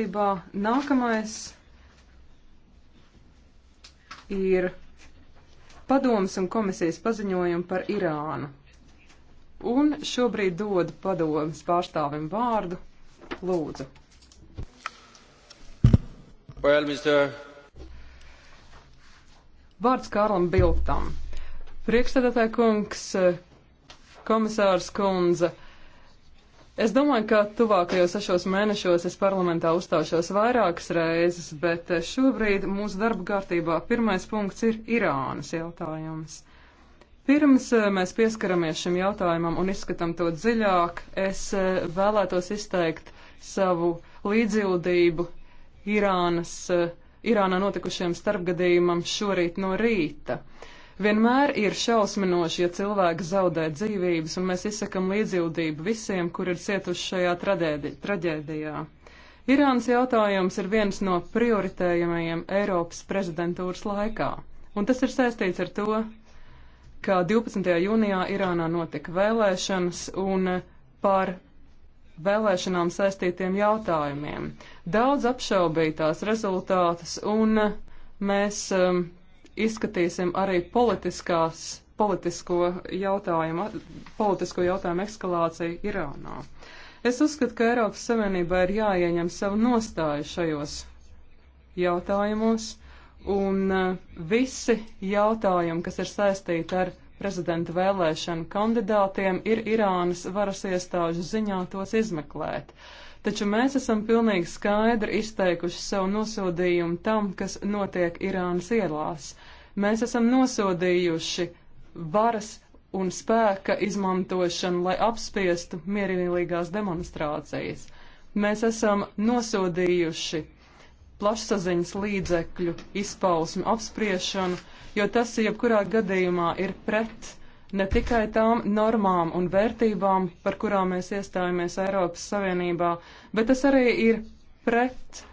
Ībā nākamais ir padomas un komisijas paziņojumi par Irānu. Un šobrīd dodu padomas pārstāvim vārdu. Lūdzu. Well, Mr. Vārds Kārlam Biltam. Priekšstādātāja kungs, komisārs kundze. Uh, Es domāju, ka tuvākajos sešos mēnešos es parlamentā uzstāšos vairākas reizes, bet eh, šobrīd mūsu darba kārtībā pirmais punkts ir Irānas jautājums. Pirms eh, mēs pieskaramies šim jautājumam un izskatām to dziļāk, es eh, vēlētos izteikt savu līdzjūtību Irānas, Irānā notikušajam starpgadījumam šorīt no rīta. Uh, Vienmēr ir šausminoši, ja cilvēki zaudē dzīvības, un mēs izsakam līdzjūtību visiem, kur ir cietuši šajā tradēdi, traģēdijā. Irānas jautājums ir viens no prioritējumajiem Eiropas prezidentūras laikā, un tas ir saistīts ar to, ka 12. jūnijā Irānā notika vēlēšanas un par vēlēšanām saistītiem jautājumiem. Daudz apšaubīja tās rezultātus, un mēs um, izskatīsim arī politiskās, politisko jautājumu, politisko jautājumu eskalāciju Irānā. Es uzskatu, ka Eiropas Savienībā ir jāieņem savu nostāju šajos jautājumos, un eh, visi jautājumi, kas ir saistīti ar prezidenta vēlēšanu kandidātiem, ir Irānas varas iestāžu ziņā tos izmeklēt. Taču mēs esam pilnīgi skaidri izteikuši savu nosodījumu tam, kas notiek Irānas ielās. Mēs esam nosodījuši varas un spēka izmantošanu, lai apspiestu mierīgās demonstrācijas. Mēs esam nosodījuši plašsaziņas līdzekļu izpausmu apspriešanu, jo tas jebkurā gadījumā ir pret ne tikai tām normām un vērtībām, par kurām mēs iestājāmies Eiropas Savienībā, bet tas arī ir pret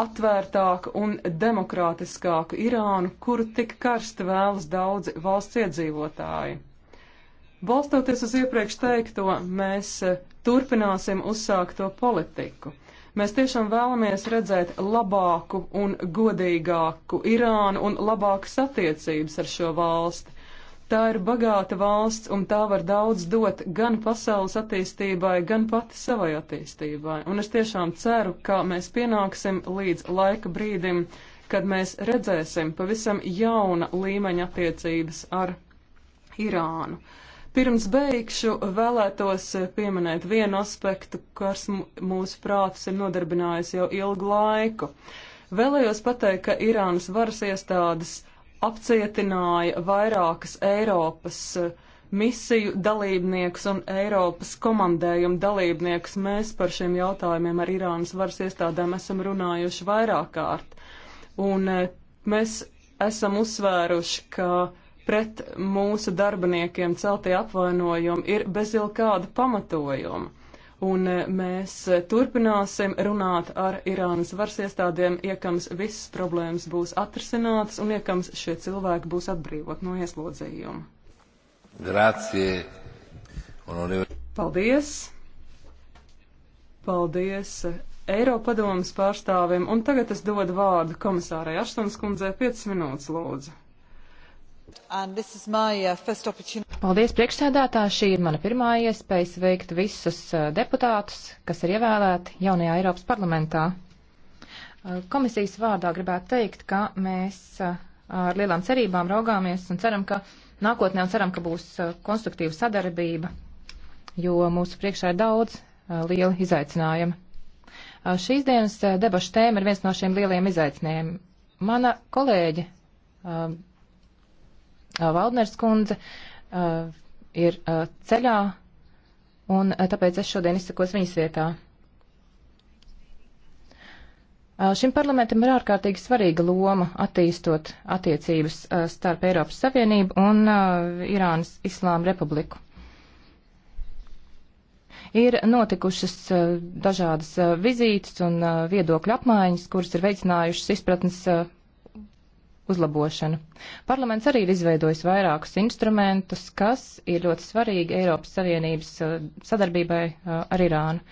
atvērtāku un demokrātiskāku Irānu, kuru tik karsti vēlas daudzi valsts iedzīvotāji. Balstoties uz iepriekš teikto, mēs eh, turpināsim uzsākto politiku. Mēs tiešām vēlamies redzēt labāku un godīgāku Irānu un labākas attiecības ar šo valsti. Tā ir bagāta valsts, un tā var daudz dot gan pasaules attīstībai, gan pati savai attīstībai. Un es tiešām ceru, ka mēs pienāksim līdz laika brīdim, kad mēs redzēsim pavisam jauna līmeņa attiecības ar Irānu. Pirms beigšu vēlētos pieminēt vienu aspektu, kas mūsu prātus ir nodarbinājis jau ilgu laiku. Vēlējos pateikt, ka Irānas varas iestādes apcietināja vairākas Eiropas eh, misiju dalībniekus un Eiropas komandējumu dalībniekus. Mēs par šiem jautājumiem ar Irānas varas iestādēm esam runājuši vairāk kārt. Un eh, mēs esam uzsvēruši, ka pret mūsu darbiniekiem celtie apvainojumi ir bez jau kāda pamatojuma un e, mēs e, turpināsim runāt ar Irānas varas iestādēm, iekams visas problēmas būs atrasinātas un iekams šie cilvēki būs atbrīvot no ieslodzījuma. Grazie. Paldies! Paldies e, Eiropadomas pārstāvim, un tagad es dodu vārdu komisārai Aštonskundzei 5 minūtes lūdzu. Paldies, priekšsēdētā. Šī ir mana pirmā iespēja sveikt visus uh, deputātus, kas ir ievēlēti jaunajā Eiropas parlamentā. Uh, komisijas vārdā gribētu teikt, ka mēs uh, ar lielām cerībām raugāmies un ceram, ka nākotnē un ceram, ka būs konstruktīva sadarbība, jo mūsu priekšā ir daudz lieli izaicinājumi. Šīs dienas debašu tēma ir viens no šiem lieliem izaicinājumiem. Mana kolēģe Valdners kundze uh, uh, ir uh, ceļā, un uh, tāpēc es šodien izsakos viņas vietā. Uh, šim parlamentam ir ārkārtīgi svarīga loma attīstot attiecības uh, starp Eiropas Savienību un uh, Irānas Islāma Republiku ir notikušas uh, dažādas uh, vizītes un uh, viedokļu apmaiņas, kuras ir veicinājušas izpratnes uzlabošanu. Parlaments arī ir izveidojis vairākus instrumentus, kas ir ļoti svarīgi Eiropas Savienības uh, sadarbībai uh, ar Irānu.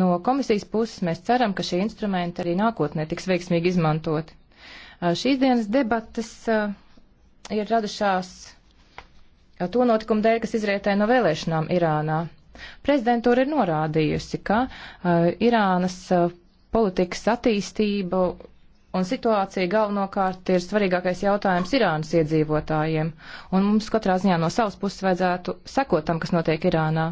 No komisijas puses mēs ceram, ka šie instrumenti arī nākotnē tiks veiksmīgi izmantoti. Uh, šīs dienas debatas ir radušās to notikumu dēļ, kas izrietēja no vēlēšanām Irānā. Prezidentūra ir norādījusi, ka uh, Irānas uh, politikas attīstību Un situācija galvenokārt ir svarīgākais jautājums Irānas iedzīvotājiem, un mums katrā ziņā no savas puses vajadzētu sekot tam, kas notiek Irānā.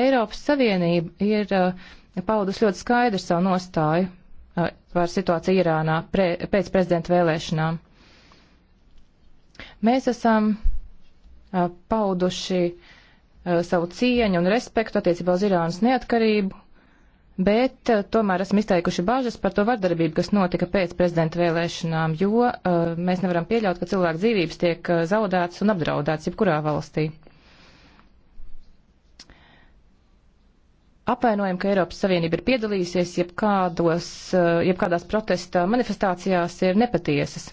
Eiropas Savienība ir uh, eh, paudus ļoti skaidru savu nostāju uh, par situāciju Irānā pre, pēc prezidenta vēlēšanām. Mēs esam uh, pauduši savu cieņu un respektu attiecībā uz Irānas neatkarību bet eh, tomēr esam izteikuši bažas par to vardarbību, kas notika pēc prezidenta vēlēšanām, jo uh, mēs nevaram pieļaut, ka cilvēku dzīvības tiek eh, zaudētas un apdraudētas jebkurā valstī. Apvainojam, ka Eiropas Savienība ir piedalījusies jebkādos, jebkādās protesta manifestācijās ir nepatiesas.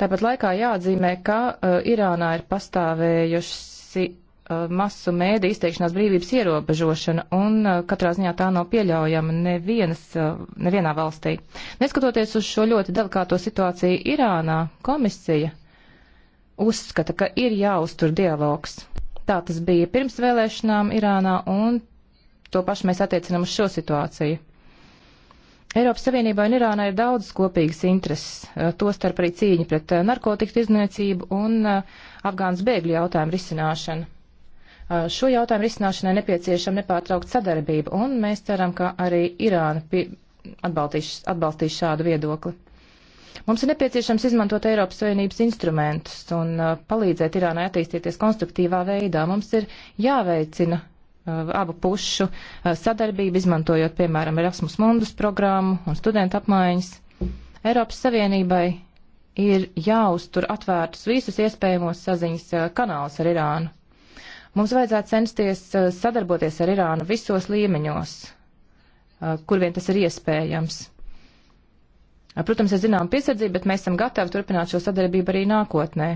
Tāpat laikā jāatzīmē, ka uh, Irānā ir pastāvējušas Uh, masu mēdī izteikšanās brīvības ierobežošana, un uh, katrā ziņā tā nav pieļaujama nevienas, uh, nevienā valstī. Neskatoties uz šo ļoti delikāto situāciju Irānā, komisija uzskata, ka ir jāuztur dialogs. Tā tas bija pirms vēlēšanām Irānā, un to pašu mēs attiecinam uz šo situāciju. Eiropas Savienībā un Irānā ir daudz kopīgas intereses, tostarp arī cīņa pret narkotiku izniecību un Afgānas bēgļu jautājumu risināšanu. Eh, šo jautājumu risināšanai nepieciešama nepārtraukta sadarbība, un mēs ceram, ka arī Irāna atbalstīs, atbalstīs šādu viedokli. Mums ir nepieciešams izmantot Eiropas Savienības instrumentus un uh, palīdzēt Irānai attīstīties konstruktīvā veidā. Mums ir jāveicina uh, abu pušu uh, sadarbību, izmantojot, piemēram, Erasmus Mundus programmu un studentu apmaiņas. Eiropas Savienībai ir jāuztur atvērtus visus iespējamos saziņas kanālus ar Irānu Mums vajadzētu censties eh, sadarboties ar Irānu visos līmeņos, eh, kur vien tas ir iespējams. Eh, protams, ir zinām piesardzība, bet mēs esam gatavi turpināt šo sadarbību arī nākotnē.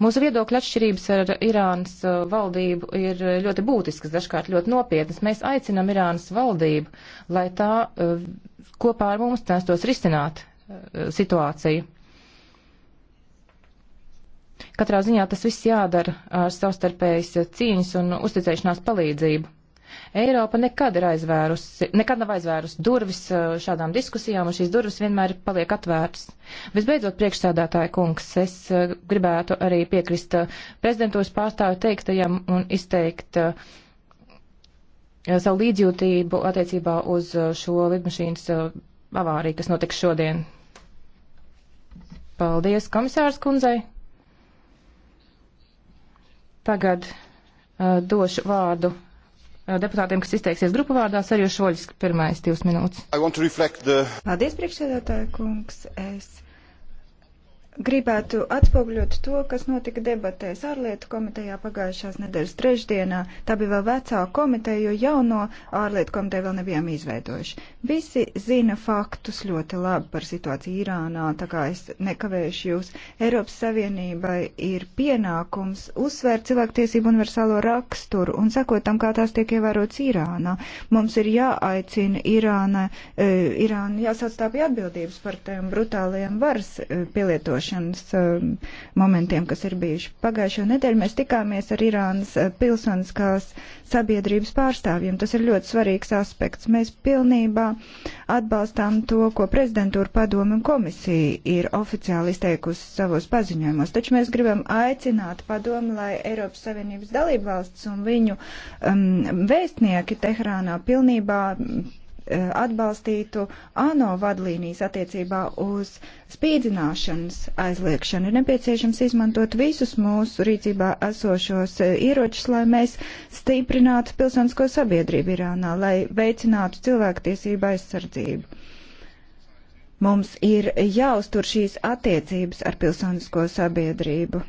Mūsu viedokļa atšķirības ar Irānas valdību ir ļoti būtiskas, dažkārt ļoti nopietnas. Mēs aicinam Irānas valdību, lai tā kopā ar mums censtos risināt situāciju. Katrā ziņā tas viss jādara ar savstarpējas cīņas un uzticēšanās palīdzību. Eiropa nekad, aizvērusi, nekad nav aizvērusi durvis uh, šādām diskusijām, un šīs durvis vienmēr paliek atvērtas. Visbeidzot, priekšsēdētāja kungs, es uh, gribētu arī piekrist uh, prezidentūras pārstāvi teiktajam un izteikt savu līdzjūtību attiecībā uz šo lidmašīnas avāriju, kas notiks šodien. Paldies komisārs kundzei! Tagad uh, došu vārdu uh, deputātiem, kas izteiksies grupu vārdā. Sarjuš Voļs, pirmais divas minūtes. The... Paldies, priekšsēdētāja kungs. Es gribētu atspoguļot to, kas notika debatēs ārlietu komitejā pagājušās nedēļas trešdienā. Tā bija vēl vecā komiteja, jo jauno ārlietu komiteju vēl nebijām izveidojuši. Visi zina faktus ļoti labi par situāciju Irānā, tā kā es nekavēšu jūs. Eiropas Savienībai ir pienākums uzsvērt cilvēktiesību universālo raksturu un sekot tam, kā tās tiek ievērots Irānā. Mums ir jāaicina Irāna, e, Irāna jāsauc tā pie atbildības par tiem brutālajiem varas e, pielietošanām izmeklēšanas eh, momentiem, kas ir bijuši. Pagājušo nedēļu mēs tikāmies ar Irānas eh, pilsoniskās sabiedrības pārstāvjiem. Tas ir ļoti svarīgs aspekts. Mēs pilnībā atbalstām to, ko prezidentūra padome un komisija ir oficiāli izteikusi savos paziņojumos. Taču mēs gribam aicināt padomu, lai Eiropas Savienības dalībvalsts un viņu um, vēstnieki Teherānā pilnībā Eh, atbalstītu ANO vadlīnijas attiecībā uz spīdzināšanas aizliekšanu. Ir nepieciešams izmantot visus mūsu rīcībā esošos eh, ieročus, lai mēs stiprinātu pilsonisko sabiedrību Irānā, lai veicinātu cilvēktiesību aizsardzību. Mums ir jāuztur šīs attiecības ar pilsonisko sabiedrību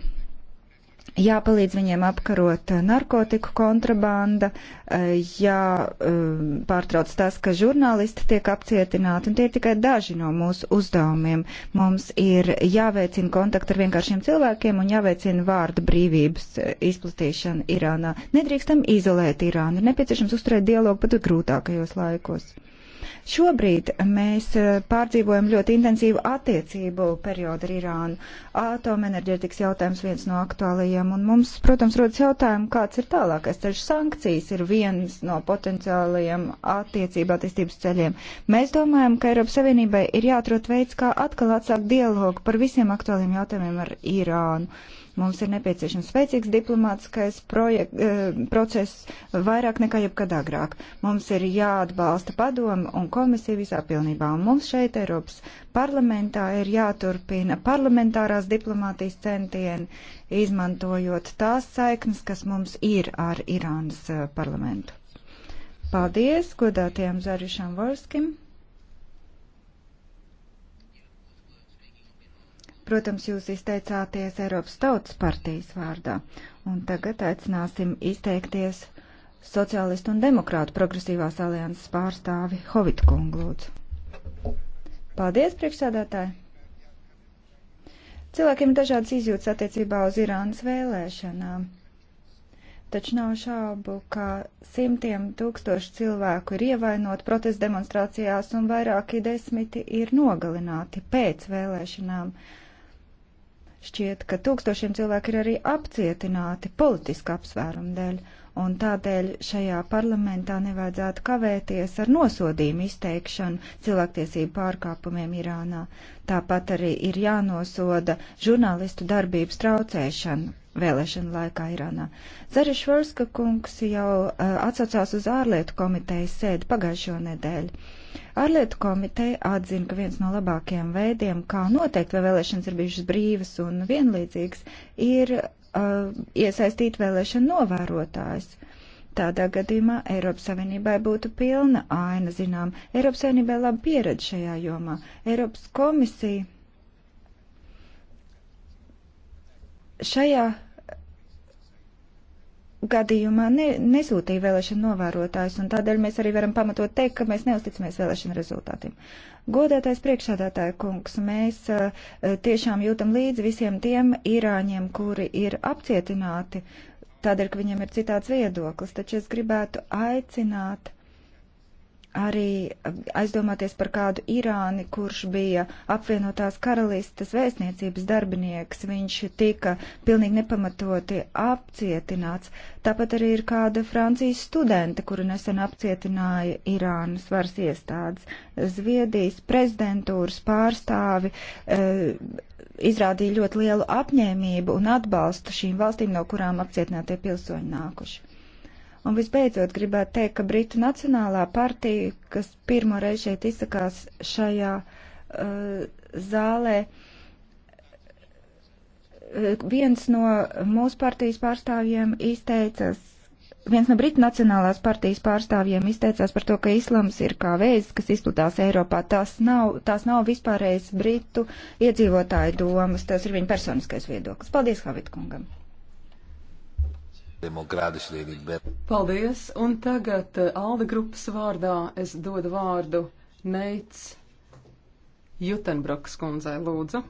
jāpalīdz viņiem apkarot narkotiku kontrabanda, jāpārtrauc um, tas, ka žurnālisti tiek apcietināti, un tie ir tikai daži no mūsu uzdevumiem. Mums ir jāveicina kontakti ar vienkāršiem cilvēkiem un jāveicina vārda brīvības eh, izplatīšana Irānā. Nedrīkstam izolēt Irānu, ir nepieciešams uzturēt dialogu pat grūtākajos laikos. Šobrīd mēs eh, pārdzīvojam ļoti intensīvu attiecību periodu ar Irānu. Atomenerģētikas jautājums viens no aktuālajiem, un mums, protams, rodas jautājumu, kāds ir tālākais ceļš. Sankcijas ir viens no potenciālajiem attiecību attīstības ceļiem. Mēs domājam, ka Eiropas Savienībai ir jāatrod veids, kā atkal atsākt dialogu par visiem aktuāliem jautājumiem ar Irānu Mums ir nepieciešams spēcīgs diplomātskais projekt, e, process vairāk nekā jebkad agrāk. Mums ir jāatbalsta padomu un komisija visā pilnībā. Un mums šeit Eiropas parlamentā ir jāturpina parlamentārās diplomātijas centieni, izmantojot tās saiknes, kas mums ir ar Irānas e, parlamentu. Paldies godātajam Zarišam Vorskim. Protams, jūs izteicāties Eiropas Tautas partijas vārdā. Un tagad aicināsim izteikties sociālistu un demokrātu progresīvās alianses pārstāvi Hovitu kungu lūdzu. Paldies, priekšsādātāji! Cilvēkiem ir dažādas izjūtas attiecībā uz Irānas vēlēšanām. Taču nav šaubu, ka simtiem tūkstoši cilvēku ir ievainoti protestu demonstrācijās un vairāki desmiti ir nogalināti pēc vēlēšanām. Uh, Šķiet, ka tūkstošiem cilvēku ir arī apcietināti politiska apsvēruma dēļ, un tādēļ šajā parlamentā nevajadzētu kavēties ar nosodījumu izteikšanu cilvēktiesību pārkāpumiem Irānā. Tāpat arī ir jānosoda žurnālistu darbības traucēšanu vēlēšanu laikā Irānā. Zarišvarska kungs jau uh, atsaucās uz ārlietu komitejas sēdi pagājušo nedēļu Ārlietu komiteja atzina, ka viens no labākajiem veidiem, kā noteikt, vai vēlēšanas ir bijušas brīvas un vienlīdzīgas, ir uh, iesaistīt vēlēšanu novērotājus. Tādā gadījumā Eiropas Savienībai būtu pilna aina zinām. Eiropas Savienībai laba pieredze šajā jomā. Eiropas komisija šajā gadījumā ne, nesūtīja vēlēšana novērotājs, un tādēļ mēs arī varam pamatot teikt, ka mēs neusticamies vēlēšana rezultātiem. Godētais priekšādātāja kungs, mēs uh, tiešām jūtam līdzi visiem tiem īrāņiem, kuri ir apcietināti, tādēļ, ka viņiem ir citāds viedoklis, taču es gribētu aicināt arī aizdomāties par kādu Irāni, kurš bija apvienotās karalistas vēstniecības darbinieks. Viņš tika pilnīgi nepamatoti apcietināts. Tāpat arī ir kāda Francijas studente, kuru nesen apcietināja Irānas varas iestādes. Zviedrijas prezidentūras pārstāvi e, izrādīja ļoti lielu apņēmību un atbalstu šīm valstīm, no kurām apcietinātie pilsoņi nākuši. Un visbeidzot gribētu teikt, ka Britu Nacionālā partija, kas pirmo reizi šeit izsakās šajā uh, zālē, uh, viens no mūsu partijas pārstāvjiem izteicas viens no Britu Nacionālās partijas pārstāvjiem izteicās par to, ka islams ir kā veids, kas izplatās Eiropā. Tās nav, tās nav vispārējais Britu iedzīvotāju domas, tas ir viņa personiskais viedoklis. Paldies, Havit kungam! Paldies, un tagad eh, Alde grupas vārdā es dodu vārdu Neits Jutenbroks kundzei lūdzu.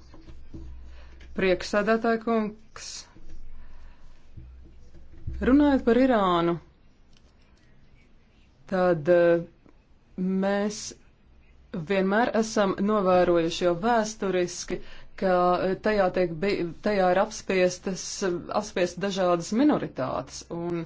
Prieksēdētāji kungs, runājot par Irānu, tad eh, mēs vienmēr esam novērojuši jau vēsturiski, ka eh, tajā, tiek, tajā ir apspiestas, apspiestas dažādas minoritātes. Un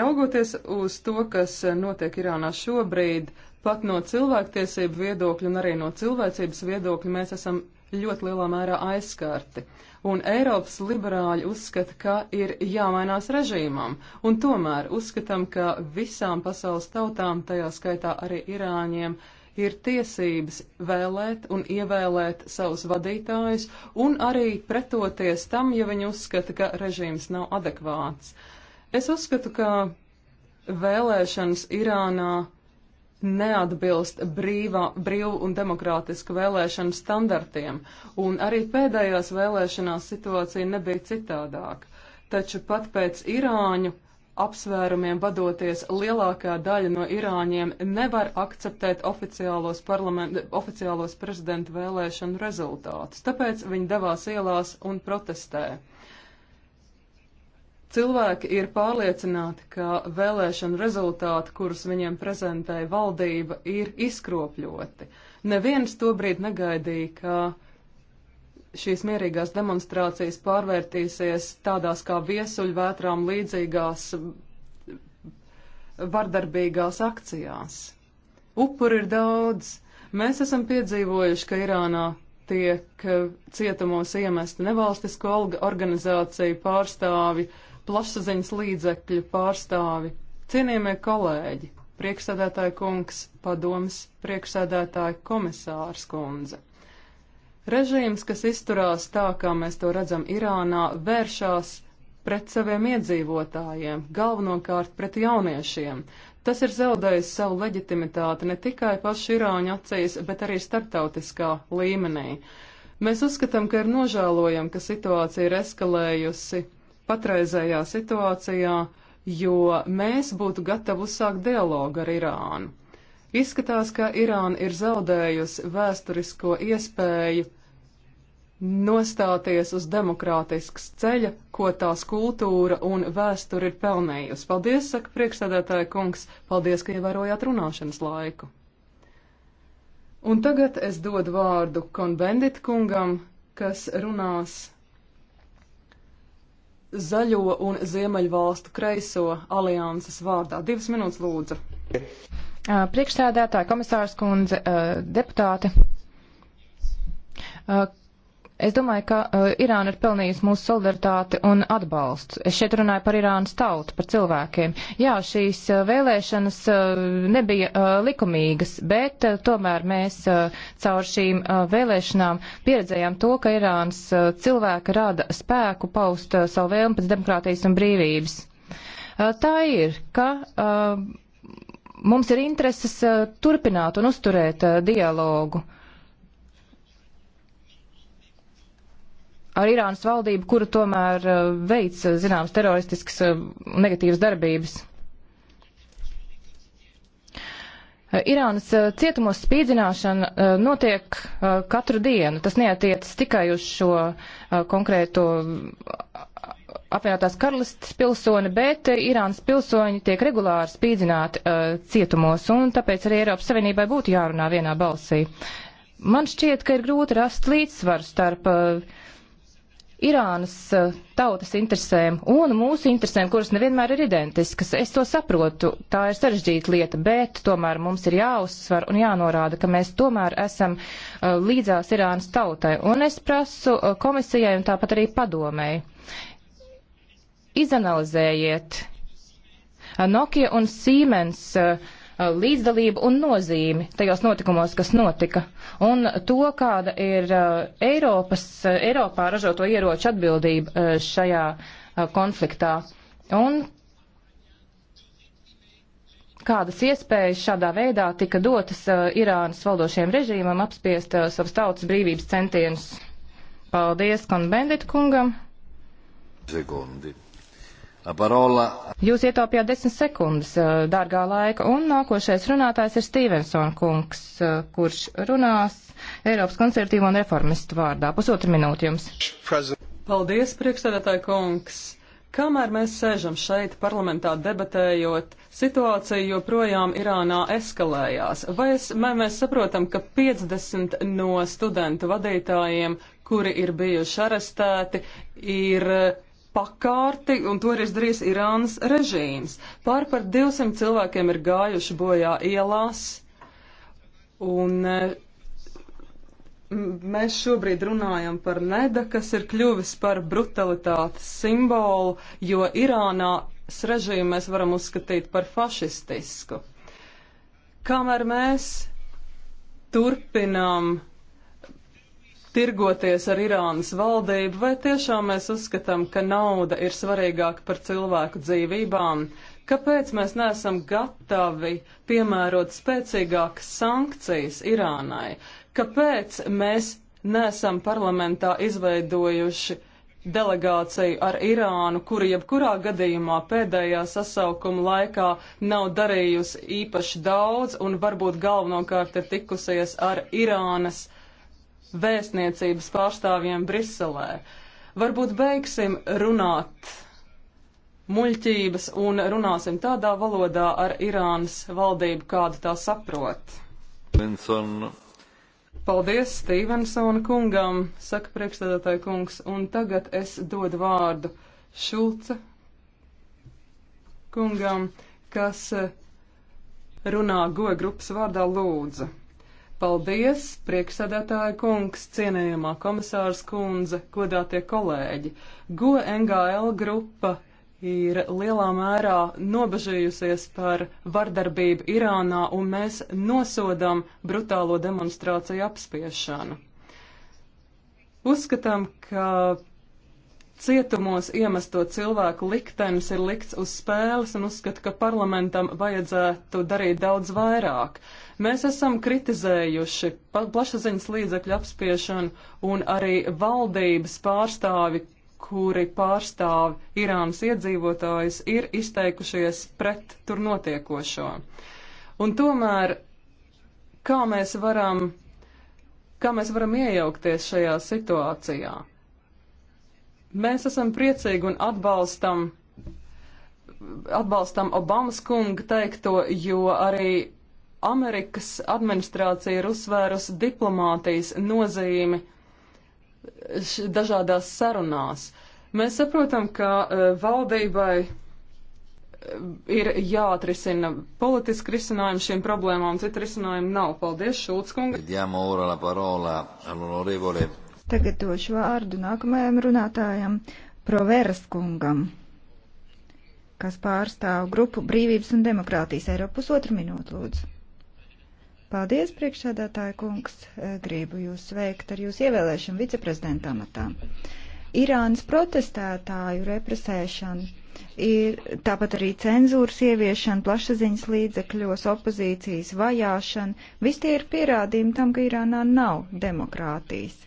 raugoties uz to, kas eh, notiek Irānā šobrīd, pat no cilvēktiesību viedokļa un arī no cilvēcības viedokļa mēs esam ļoti lielā mērā aizskarti. Un Eiropas liberāļi uzskata, ka ir jāmainās režīmam, un tomēr uzskatām, ka visām pasaules tautām, tajā skaitā arī Irāņiem, uh, ir tiesības vēlēt un ievēlēt savus vadītājus un arī pretoties tam, ja viņi uzskata, ka režīms nav adekvāts. Es uzskatu, ka vēlēšanas Irānā neatbilst brīvā, brīvu un demokrātisku vēlēšanu standartiem, un arī pēdējās vēlēšanās situācija nebija citādāka. Taču pat pēc Irāņu apsvērumiem vadoties, lielākā daļa no irāņiem nevar akceptēt oficiālos, oficiālos prezidenta vēlēšanu rezultātus. Tāpēc viņi devās ielās un protestē. Cilvēki ir pārliecināti, ka vēlēšana rezultāti, kurus viņiem prezentēja valdība, ir izkropļoti. Neviens to brīdi negaidīja, ka šīs mierīgās demonstrācijas pārvērtīsies tādās kā viesuļvētrām līdzīgās vardarbīgās akcijās. Upuri ir daudz. Mēs esam piedzīvojuši, ka Irānā tiek eh, cietumos iemesti nevalstisko organizāciju pārstāvi, plašsaziņas līdzekļu pārstāvi. Cienījamie kolēģi, priekšsēdētāja kungs, padoms, priekšsēdētāja komisārs kundze. Režīms, kas izturās tā, kā mēs to redzam Irānā, vēršās pret saviem iedzīvotājiem, galvenokārt pret jauniešiem. Tas ir zaudējis savu leģitimitāti ne tikai pašu Irāņu acīs, bet arī starptautiskā līmenī. Mēs uzskatām, ka ir nožēlojam, ka situācija ir eskalējusi patreizējā situācijā, jo mēs būtu gatavi uzsākt dialogu ar Irānu. Izskatās, ka Irāna ir zaudējusi vēsturisko iespēju nostāties uz demokrātisks ceļa, ko tās kultūra un vēsture ir pelnējusi. Paldies, saka priekšsēdētāja kungs, paldies, ka ievērojāt runāšanas laiku. Un tagad es dodu vārdu konbendit kungam, kas runās zaļo un ziemeļvalstu kreiso alianses vārdā. Divas minūtes lūdzu. Priekšsēdētāji, komisārs kundze, deputāti. Es domāju, ka Irāna ir pelnījusi mūsu solidaritāti un atbalstu. Es šeit runāju par Irānas tautu, par cilvēkiem. Jā, šīs vēlēšanas nebija likumīgas, bet tomēr mēs caur šīm vēlēšanām pieredzējām to, ka Irānas cilvēki rada spēku paust savu vēlmu pēc demokrātijas un brīvības. Tā ir, ka. Uh, mums ir intereses eh, turpināt un uzturēt eh, dialogu ar Irānas valdību, kura tomēr eh, veic zināmas teroristiskas negatīvas darbības. Irānas cietumos spīdzināšana notiek katru dienu. Tas neatiecas tikai uz šo konkrēto apvienotās karalistes pilsoni, bet eh, Irānas pilsoņi tiek regulāri spīdzināti uh, cietumos, un tāpēc arī Eiropas Savienībai būtu jārunā vienā balsī. Man šķiet, ka ir grūti rast līdzsvaru starp uh, Irānas uh, tautas interesēm un mūsu interesēm, kuras nevienmēr ir identiskas. Es to saprotu, tā ir sarežģīta lieta, bet tomēr mums ir jāuzsver un jānorāda, ka mēs tomēr esam uh, līdzās Irānas tautai. Un es prasu komisijai un tāpat arī padomēji izanalizējiet eh, Nokia un Siemens eh, līdzdalību un nozīmi tajos notikumos, kas notika, un to, kāda ir eh, Eiropas, Eiropā ražoto ieroču atbildība šajā konfliktā, un kādas iespējas šādā veidā tika dotas Irānas valdošiem režīmam apspiest savas tautas brīvības centienus. Paldies, konbendit kungam! Segundi. Parola. Jūs ietaupījāt desmit sekundes, eh, dārgā laika, un nākošais runātājs ir Stevenson kungs, eh, kurš runās Eiropas konservatīvo un reformistu vārdā. Pusotru minūti jums. Paldies, priekšsēdētāji kungs! Kamēr mēs sēžam šeit parlamentā debatējot, situācija joprojām Irānā eskalējās. Vai, es, vai mēs saprotam, ka 50 no studentu vadītājiem, kuri ir bijuši arestēti, ir pakārti, un to ir izdarījis Irānas režīms. Pār par 200 cilvēkiem ir gājuši bojā ielās, un e, mēs šobrīd runājam par Neda, kas ir kļuvis par brutalitātes simbolu, jo Irānās režīmu mēs varam uzskatīt par fašistisku. Kamēr mēs turpinām tirgoties ar Irānas valdību, vai tiešām mēs uzskatām, ka nauda ir svarīgāka par cilvēku dzīvībām? Kāpēc mēs neesam gatavi piemērot spēcīgākas sankcijas Irānai? Kāpēc mēs neesam parlamentā izveidojuši delegāciju ar Irānu, kura jebkurā gadījumā pēdējā sasaukuma laikā nav darījusi īpaši daudz un varbūt galvenokārt ir tikusies ar Irānas uh, vēstniecības pārstāvjiem Briselē. Varbūt beigsim runāt muļķības un runāsim tādā valodā ar Irānas valdību, kādu tā saprot. Vincent. Paldies Stevensona kungam, saka priekšstādātāja kungs, un tagad es dodu vārdu Šulca kungam, kas runā goja grupas vārdā lūdzu. Paldies, prieksēdētāja kungs, cienējamā komisārs kundze, godātie kolēģi. Go NGL grupa ir lielā mērā nobežījusies par vardarbību Irānā un mēs nosodam brutālo demonstrāciju apspiešanu. Uzskatām, ka Cietumos iemesto cilvēku liktenis ir likts uz spēles un uzskatu, ka parlamentam vajadzētu darīt daudz vairāk. Mēs esam kritizējuši plašsaziņas līdzekļu apspiešanu un arī valdības pārstāvi, kuri pārstāv Irānas iedzīvotājus, ir izteikušies pret tur notiekošo. Un tomēr, kā mēs varam, kā mēs varam iejaukties šajā situācijā? Mēs esam priecīgi un atbalstam, atbalstam Obamas kunga teikto, jo arī Amerikas administrācija ir uzsvērusi diplomātijas nozīmi dažādās sarunās. Mēs saprotam, ka e, valdībai e, ir jāatrisina politiski risinājumi šīm problēmām, citu risinājumu nav. Paldies, Šulc kungs. Tagad došu vārdu nākamajam runātājam, Proveras kungam, kas pārstāv grupu Brīvības un demokrātijas Eiropu pusotru minūtu lūdzu. Paldies, priekšsēdētāja kungs. Gribu jūs sveikt ar jūsu ievēlēšanu viceprezidenta amatā. Irānas protestētāju represēšana ir tāpat arī cenzūras ieviešana, plašsaziņas līdzekļos, opozīcijas vajāšana. Visi tie ir pierādījumi tam, ka Irānā nav demokrātijas.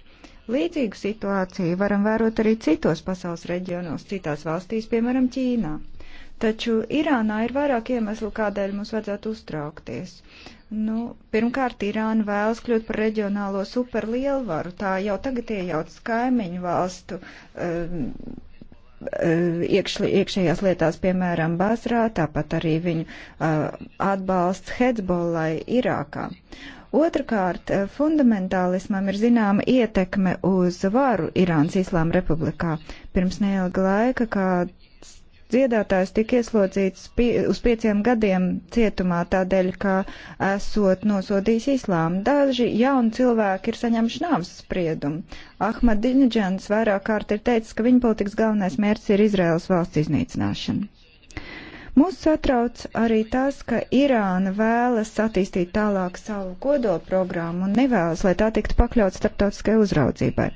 Līdzīgu situāciju varam vērot arī citos pasaules reģionos, citās valstīs, piemēram, Ķīnā. Taču Irānā ir vairāk iemeslu, kādēļ mums vajadzētu uztraukties. Nu, pirmkārt, Irāna vēlas kļūt par reģionālo superlielvaru. Tā jau tagad iejaucas kaimiņu valstu um, um iekš, iekšējās lietās, piemēram, Basrā, tāpat arī viņu uh, atbalsts Hezbollai Irākā. Uh, Otrakārt, eh, fundamentālismam ir zināma ietekme uz varu Irānas Islāma republikā. Pirms neilga laika, kā dziedātājs tika ieslodzīts pie, uz pieciem gadiem cietumā tādēļ, ka esot nosodījis Islāmu. Daži jauni cilvēki ir saņemši nāvs spriedumu. Ahmad Diņģēns vairāk kārt ir teicis, ka viņa politikas galvenais mērķis ir Izraels valsts iznīcināšana. Mūs satrauc arī tas, ka Irāna vēlas attīstīt tālāk savu kodolprogrammu un nevēlas, lai tā tiktu pakļauts starptautiskai uzraudzībai.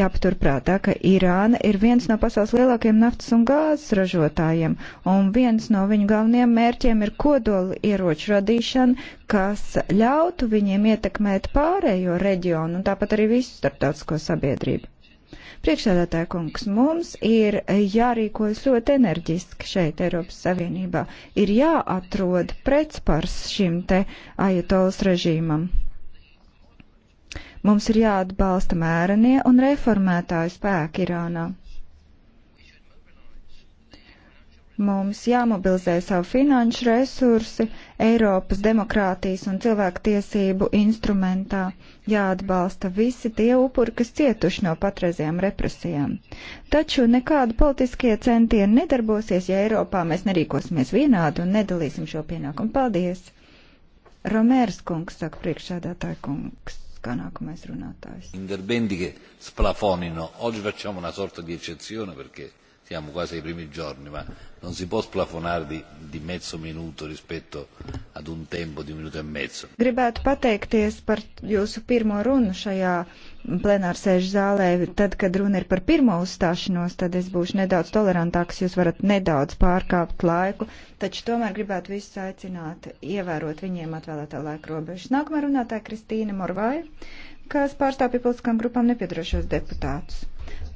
Jāpaturprātā, ka Irāna ir viens no pasaules lielākajiem naftas un gāzes ražotājiem, un viens no viņu galvenajiem mērķiem ir kodoli ieroču radīšana, kas ļautu viņiem ietekmēt pārējo reģionu un tāpat arī visu starptautisko sabiedrību. Priekšsēdētāja kungs, mums ir jārīkojas ļoti enerģiski šeit Eiropas Savienībā. Ir jāatrod pretspars šim te ajatolas režīmam. Mums ir jāatbalsta mērenie un reformētāju spēki Irānā. Mums jāmobilizē savu finanšu resursi Eiropas demokrātijas un cilvēktiesību instrumentā, jāatbalsta visi tie upuri, kas cietuši no patreizajām represijām. Taču nekādi politiskie centieni nedarbosies, ja Eiropā mēs nerīkosimies vienādi un nedalīsim šo pienākumu. Paldies! Romērs kungs saka priekšsēdētāja kungs. Kā nākamais runātājs. Interbendige splafonino. Oggi facciamo una sorta di eccezione perché siamo quasi ai primi giorni, ma non si può splafonare di, di mezzo minuto rispetto ad un tempo di minuto e mezzo. Gribētu pateikties par jūsu pirmo runu šajā plenārsēžu zālē. Tad, kad runa ir par pirmo uzstāšanos, tad es būšu nedaudz tolerantāks, jūs varat nedaudz pārkāpt laiku, taču tomēr gribētu visus aicināt ievērot viņiem atvēlētā laika robežas. Nākamā runātāja Kristīna Morvai, kas pārstāv pie politiskām grupām nepiedarošos deputātus.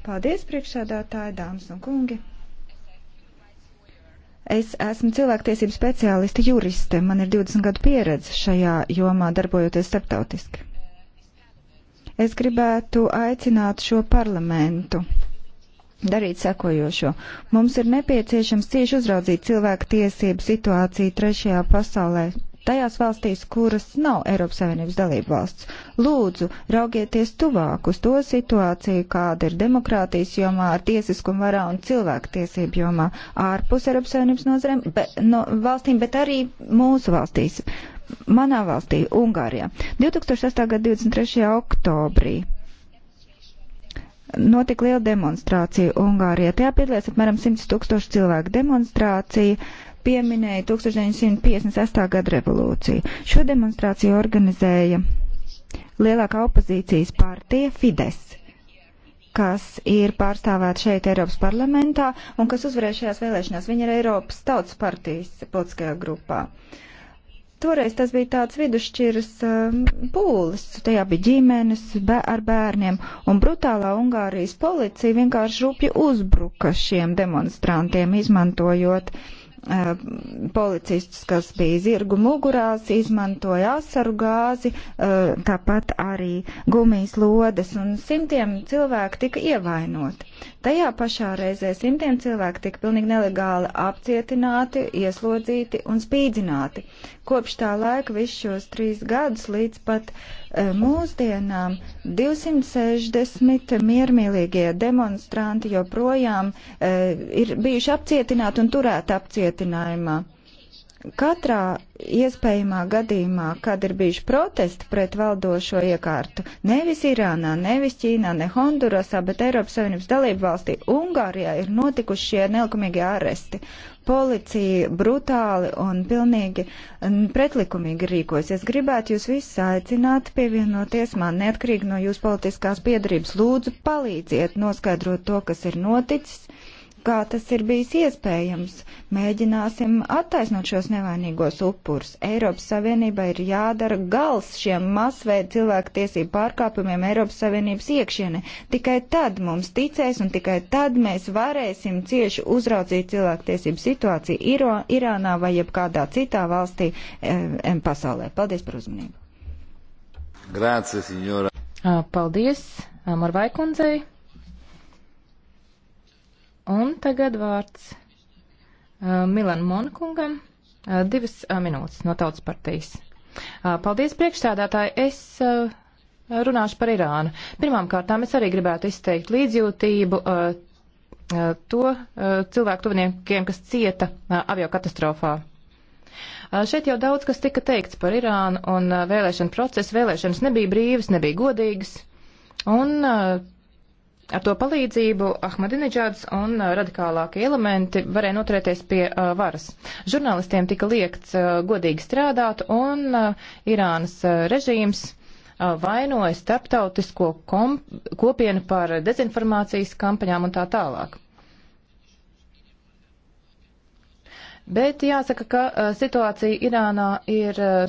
Paldies, priekšsēdētāji, dāmas un kungi! Es esmu cilvēktiesību speciāliste juriste. Man ir 20 gadu pieredze šajā jomā darbojoties starptautiski. Es gribētu aicināt šo parlamentu darīt sekojošo. Mums ir nepieciešams cieši uzraudzīt cilvēku tiesību situāciju trešajā pasaulē, tajās valstīs, kuras nav Eiropas Savienības dalība valsts. Lūdzu, raugieties tuvāk uz to situāciju, kāda ir demokrātijas jomā, tiesiskuma varā un cilvēktiesību jomā ārpus Eiropas Savienības nozarēm, be, no valstīm, bet arī mūsu valstīs. Manā valstī, Ungārijā, 2008. gada 23. oktobrī notika liela demonstrācija Ungārijā. Tajā piedalījās apmēram 100 tūkstoši cilvēku demonstrācija pieminēja 1958. gada revolūciju. Šo demonstrāciju organizēja lielākā opozīcijas partija Fides kas ir pārstāvēta šeit Eiropas parlamentā un kas uzvarēja šajās vēlēšanās. Viņa ir Eiropas tautas partijas politiskajā grupā. Toreiz tas bija tāds vidusšķiras um, pūlis, tajā bija ģimenes bē ar bērniem, un brutālā Ungārijas policija vienkārši rūpju uzbruka šiem demonstrantiem, izmantojot uh, Ehm, policistus, kas bija zirgu mugurās, izmantoja asaru gāzi, ehm, tāpat arī gumijas lodes, un simtiem cilvēku tika ievainoti. Tajā pašā reizē simtiem cilvēku tika pilnīgi nelegāli apcietināti, ieslodzīti un spīdzināti. Kopš tā laika visu šos trīs gadus līdz pat e, mūsdienām 260 miermīlīgie demonstranti joprojām e, ir bijuši apcietināti un turēti apcietinājumā. Katrā iespējamā gadījumā, kad ir bijuši protesti pret valdošo iekārtu, nevis Irānā, nevis Ķīnā, ne Hondurasā, bet Eiropas Savienības dalību valstī, Ungārijā ir notikuši šie nelikumīgie aresti. Policija brutāli un pilnīgi pretlikumīgi rīkojas. Es gribētu jūs visus aicināt pievienoties man neatkarīgi no jūsu politiskās piedarības. Lūdzu, palīdziet noskaidrot to, kas ir noticis kā tas ir bijis iespējams. Mēģināsim attaisnot šos nevainīgos upurus. Eiropas Savienībai ir jādara gals šiem masveidu cilvēku tiesību pārkāpumiem Eiropas Savienības iekšienē. Tikai tad mums ticēs un tikai tad mēs varēsim cieši uzraudzīt cilvēku tiesību situāciju Iro, Irānā vai jebkādā citā valstī e, pasaulē. Paldies par uzmanību. Grāce, signora. Paldies, Marvaikundzei. Un tagad vārds uh, Milan Monkungam. Uh, divas uh, minūtes no tautas partijas. Uh, paldies priekšstādātāji. Es uh, runāšu par Irānu. Pirmām kārtām es arī gribētu izteikt līdzjūtību uh, uh, to uh, cilvēku tuviniekiem, kas cieta uh, avio katastrofā. Uh, šeit jau daudz kas tika teikts par Irānu un uh, vēlēšanu procesu. Vēlēšanas nebija brīvas, nebija godīgas. Un uh, Ar to palīdzību Ahmadineģāds un uh, radikālākie elementi varēja noturēties pie uh, varas. Žurnālistiem tika liekts uh, godīgi strādāt, un uh, Irānas uh, režīms uh, vainoja starptautisko kopienu par dezinformācijas kampaņām un tā tālāk. Bet jāsaka, ka uh, situācija Irānā ir uh,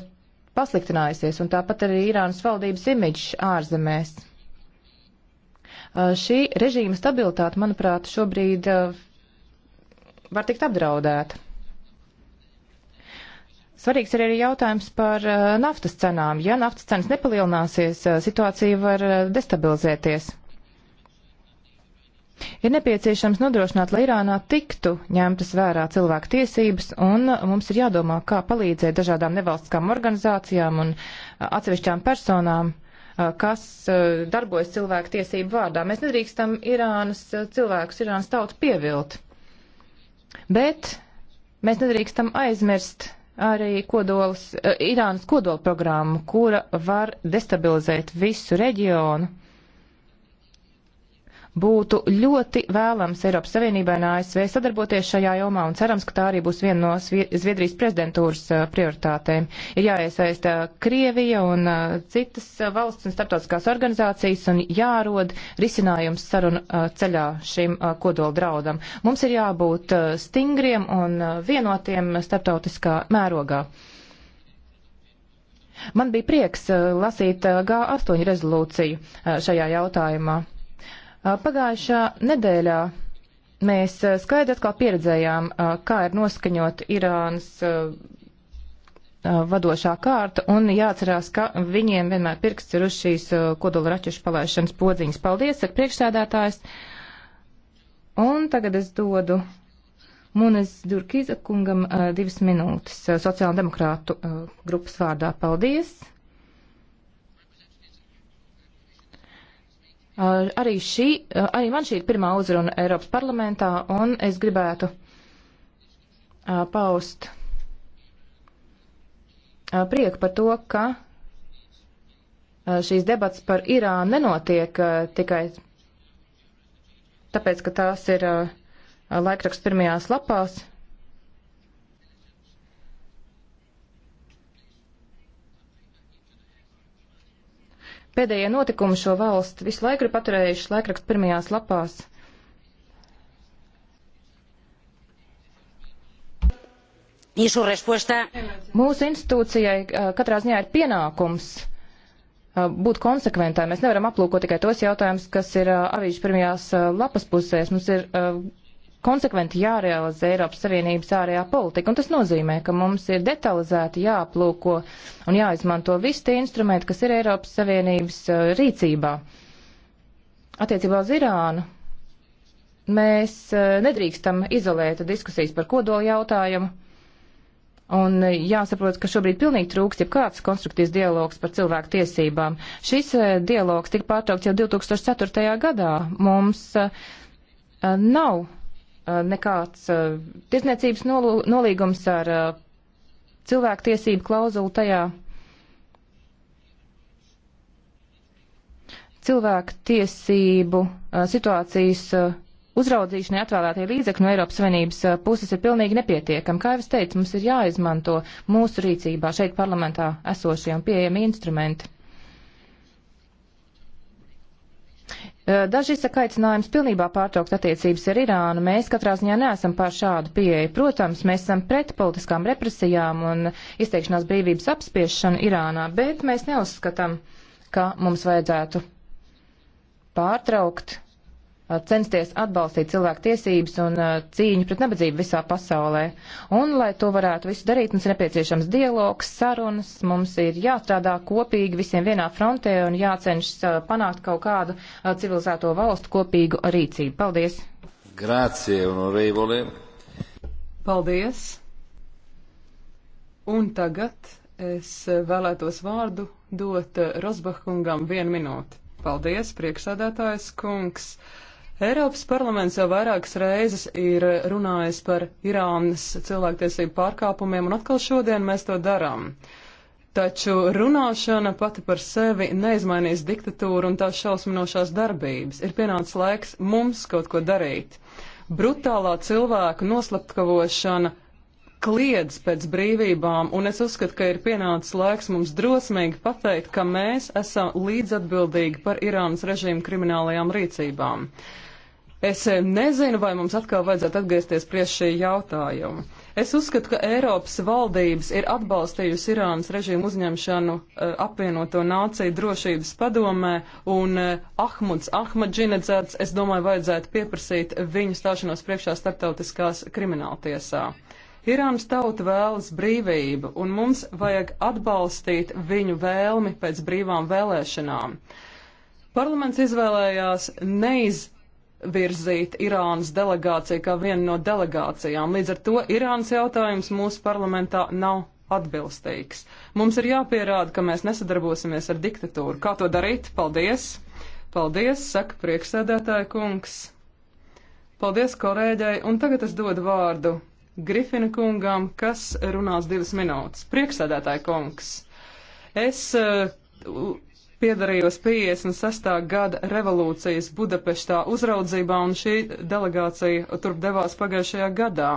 pasliktinājusies, un tāpat arī Irānas valdības imidžs ārzemēs. Eh, šī režīma stabilitāte, manuprāt, šobrīd eh, var tikt apdraudēta. Svarīgs ir arī jautājums par eh, naftas cenām. Ja naftas cenas nepalielināsies, situācija var destabilizēties. Ir nepieciešams nodrošināt, lai Irānā tiktu ņemtas vērā cilvēku tiesības, un mums ir jādomā, kā palīdzēt dažādām nevalstiskām organizācijām un atsevišķām personām Uh, kas uh, darbojas cilvēku tiesību vārdā. Mēs nedrīkstam Irānas uh, cilvēkus, Irānas tautu pievilt. Bet mēs nedrīkstam aizmirst arī kodols, Irānas kodolprogrammu, kura var destabilizēt visu reģionu Būtu ļoti vēlams Eiropas Savienībai un ASV sadarboties šajā jomā un cerams, ka tā arī būs viena no Zviedrijas prezidentūras prioritātēm. Ir jāiesaista Krievija un citas valsts un starptautiskās organizācijas un jārod risinājums sarunu ceļā šim kodola draudam. Mums ir jābūt stingriem un vienotiem starptautiskā mērogā. Man bija prieks lasīt G8 rezolūciju šajā jautājumā. Pagājušā nedēļā mēs skaidri atkal pieredzējām, kā ir noskaņot Irānas vadošā kārta, un jāatcerās, ka viņiem vienmēr pirksts ir uz šīs kodola raķešu palaišanas podziņas. Paldies, saka priekšsēdētājs. Un tagad es dodu Munes Durkīza kungam divas minūtes sociāldemokrātu grupas vārdā. Paldies! Arī, šī, arī man šī ir pirmā uzruna Eiropas parlamentā, un es gribētu paust prieku par to, ka šīs debats par Irānu nenotiek tikai tāpēc, ka tās ir laikraksts pirmajās lapās. Pēdējie notikumi šo valstu visu laiku ir paturējuši laikrakstu pirmajās lapās. Mūsu institūcijai katrā ziņā ir pienākums būt konsekventai. Mēs nevaram aplūkot tikai tos jautājumus, kas ir avīžu pirmajās lapas pusēs. Mums ir konsekventi jārealizē Eiropas Savienības ārējā politika, un tas nozīmē, ka mums ir detalizēti jāaplūko un jāizmanto visi tie instrumenti, kas ir Eiropas Savienības uh, rīcībā. Attiecībā uz Irānu mēs uh, nedrīkstam izolēt diskusijas par kodolu jautājumu, un uh, jāsaprot, ka šobrīd pilnīgi trūkst jau kāds konstruktīvs dialogs par cilvēku tiesībām. Šis uh, dialogs tika pārtraukts jau 2004. gadā. Mums uh, uh, nav Uh, nekāds uh, tirzniecības nolīgums ar uh, cilvēktiesību klauzulu tajā. Cilvēku tiesību situācijas uzraudzīšanai atvēlētie līdzekļi no Eiropas Savienības puses ir pilnīgi nepietiekami. Kā jau es teicu, mums ir jāizmanto mūsu rīcībā šeit parlamentā esošie un pieejami instrumenti. Daži saka aicinājums pilnībā pārtraukt attiecības ar Irānu. Mēs katrā ziņā neesam pār šādu pieeju. Protams, mēs esam pret politiskām represijām un izteikšanās brīvības apspiešanu Irānā, bet mēs neuzskatām, ka mums vajadzētu pārtraukt Uh, censties atbalstīt cilvēku tiesības un uh, cīņu pret nabadzību visā pasaulē. Un, lai to varētu visu darīt, mums ir nepieciešams dialogs, sarunas, mums ir jāstrādā kopīgi visiem vienā frontē un jācenšas uh, panākt kaut kādu civilizēto valstu kopīgu rīcību. Paldies! Grācie, honorevole! Paldies! Un tagad es vēlētos vārdu dot Rosbach kungam vienu minūti. Paldies, priekšsādātājs kungs! Eiropas parlaments jau vairākas reizes ir runājis par Irānas cilvēktiesību pārkāpumiem, un atkal šodien mēs to darām. Taču runāšana pati par sevi neizmainīs diktatūru un tās šausminošās darbības. Ir pienācis laiks mums kaut ko darīt. Brutālā cilvēka noslapkavošana kliedz pēc brīvībām, un es uzskatu, ka ir pienācis laiks mums drosmīgi pateikt, ka mēs esam līdzatbildīgi par Irānas režīmu kriminālajām rīcībām. Es nezinu, vai mums atkal vajadzētu atgriezties pie šī jautājuma. Es uzskatu, ka Eiropas valdības ir atbalstījusi Irānas režīmu uzņemšanu uh, apvienoto nāciju drošības padomē, un uh, Ahmuds Ahmadžinedzats, es domāju, vajadzētu pieprasīt viņu stāšanos priekšā starptautiskās krimināltiesā. Irānas tauta vēlas brīvību, un mums vajag atbalstīt viņu vēlmi pēc brīvām vēlēšanām. Parlaments izvēlējās neiz virzīt Irānas delegāciju kā vienu no delegācijām. Līdz ar to Irānas jautājums mūsu parlamentā nav atbilstīgs. Mums ir jāpierāda, ka mēs nesadarbosimies ar diktatūru. Kā to darīt? Paldies! Paldies, saka prieksēdētāja kungs. Paldies kolēģai, un tagad es dodu vārdu Grifina kungam, kas runās divas minūtes. Prieksēdētāja kungs. Es uh, piedarījos 56. gada revolūcijas Budapeštā uzraudzībā, un šī delegācija tur devās pagājušajā gadā.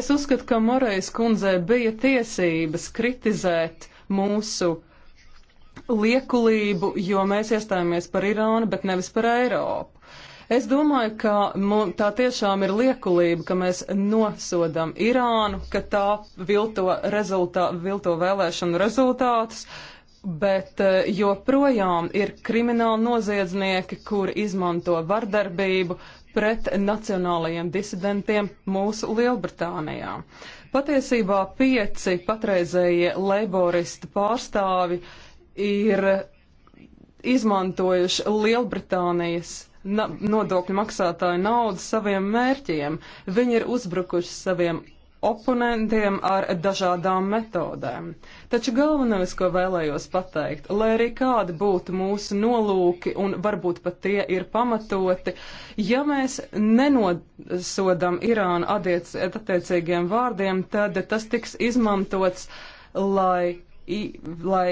Es uzskatu, ka Morejas kundzē bija tiesības kritizēt mūsu liekulību, jo mēs iestājāmies par Irānu, bet nevis par Eiropu. Es domāju, ka tā tiešām ir liekulība, ka mēs nosodam Irānu, ka tā vilto, rezultā, vilto vēlēšanu rezultātus, bet eh, joprojām ir krimināli noziedznieki, kuri izmanto vardarbību pret nacionālajiem disidentiem mūsu Lielbritānijā. Patiesībā pieci patreizējie leiboristu pārstāvi ir izmantojuši Lielbritānijas nodokļu maksātāju naudu saviem mērķiem. Viņi ir uzbrukuši saviem oponentiem ar dažādām metodēm. Taču galvenais, ko vēlējos pateikt, lai arī kādi būtu mūsu nolūki, un varbūt pat tie ir pamatoti, ja mēs nenosodam Irānu adiec, attiecīgiem vārdiem, tad tas tiks izmantots, lai, lai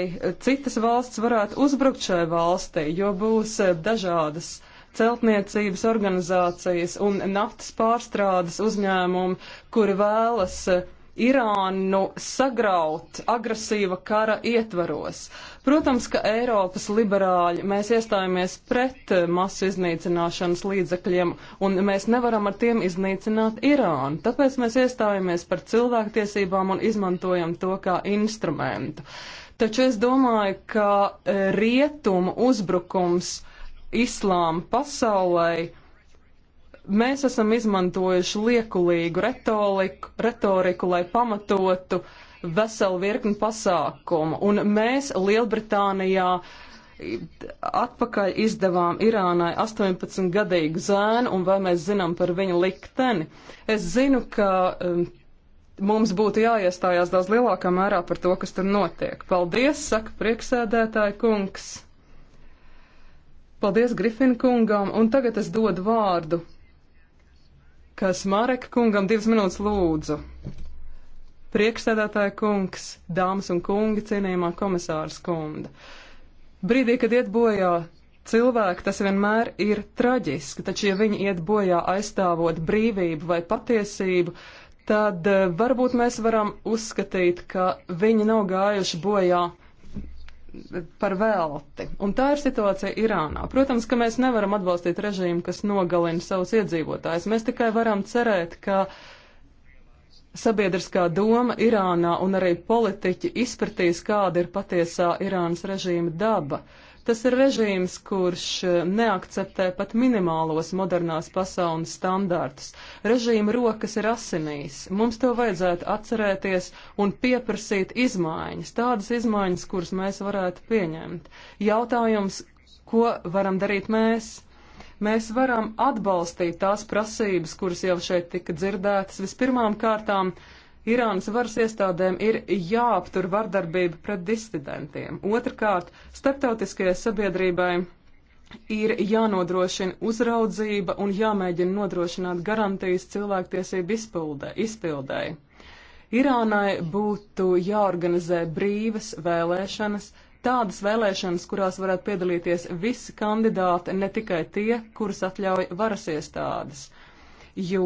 citas valsts varētu uzbrukt šai valstī, jo būs dažādas uh, celtniecības organizācijas un naftas pārstrādes uzņēmumi, kuri vēlas eh, Irānu sagraut agresīva kara ietvaros. Protams, ka Eiropas liberāļi mēs iestājāmies pret eh, masu iznīcināšanas līdzekļiem, un mēs nevaram ar tiem iznīcināt Irānu. Tāpēc mēs iestājāmies par cilvēktiesībām un izmantojam to kā instrumentu. Taču es domāju, ka eh, rietumu uzbrukums uh, islāma pasaulē, mēs esam izmantojuši liekulīgu retoriku, retoriku lai pamatotu veselu virkni pasākumu. Un mēs Lielbritānijā atpakaļ izdevām Irānai 18-gadīgu zēnu, un vai mēs zinām par viņu likteni? Es zinu, ka um, mums būtu jāiestājās daudz lielākā mērā par to, kas tur notiek. Paldies, saka prieksēdētāja kungs. Paldies Grifin kungam, un tagad es dodu vārdu, kas Marek kungam divas minūtes lūdzu. Priekšsēdētāja kungs, dāmas un kungi, cienījumā komisārs kunda. Brīdī, kad iet bojā cilvēki, tas vienmēr ir traģiski, taču, ja viņi iet bojā aizstāvot brīvību vai patiesību, tad eh, varbūt mēs varam uzskatīt, ka viņi nav gājuši bojā par velti. Un tā ir situācija Irānā. Protams, ka mēs nevaram atbalstīt režīmu, kas nogalina savus iedzīvotājus. Mēs tikai varam cerēt, ka sabiedriskā doma Irānā un arī politiķi izpratīs, kāda ir patiesā Irānas režīma daba. Uh, Tas ir režīms, kurš e, neakceptē pat minimālos modernās pasaules standartus. Režīma rokas ir asinīs. Mums to vajadzētu atcerēties un pieprasīt izmaiņas, tādas izmaiņas, kuras mēs varētu pieņemt. Jautājums, ko varam darīt mēs? Mēs varam atbalstīt tās prasības, kuras jau šeit tika dzirdētas. Vispirmām kārtām, uh, Irānas varas iestādēm ir jāaptur vardarbība pret disidentiem. Otrakārt, starptautiskajai sabiedrībai ir jānodrošina uzraudzība un jāmēģina nodrošināt garantijas cilvēktiesību izpildēji. Irānai būtu jāorganizē brīvas vēlēšanas, tādas vēlēšanas, kurās varētu piedalīties visi kandidāti, ne tikai tie, kurus atļauj varas iestādes. Jo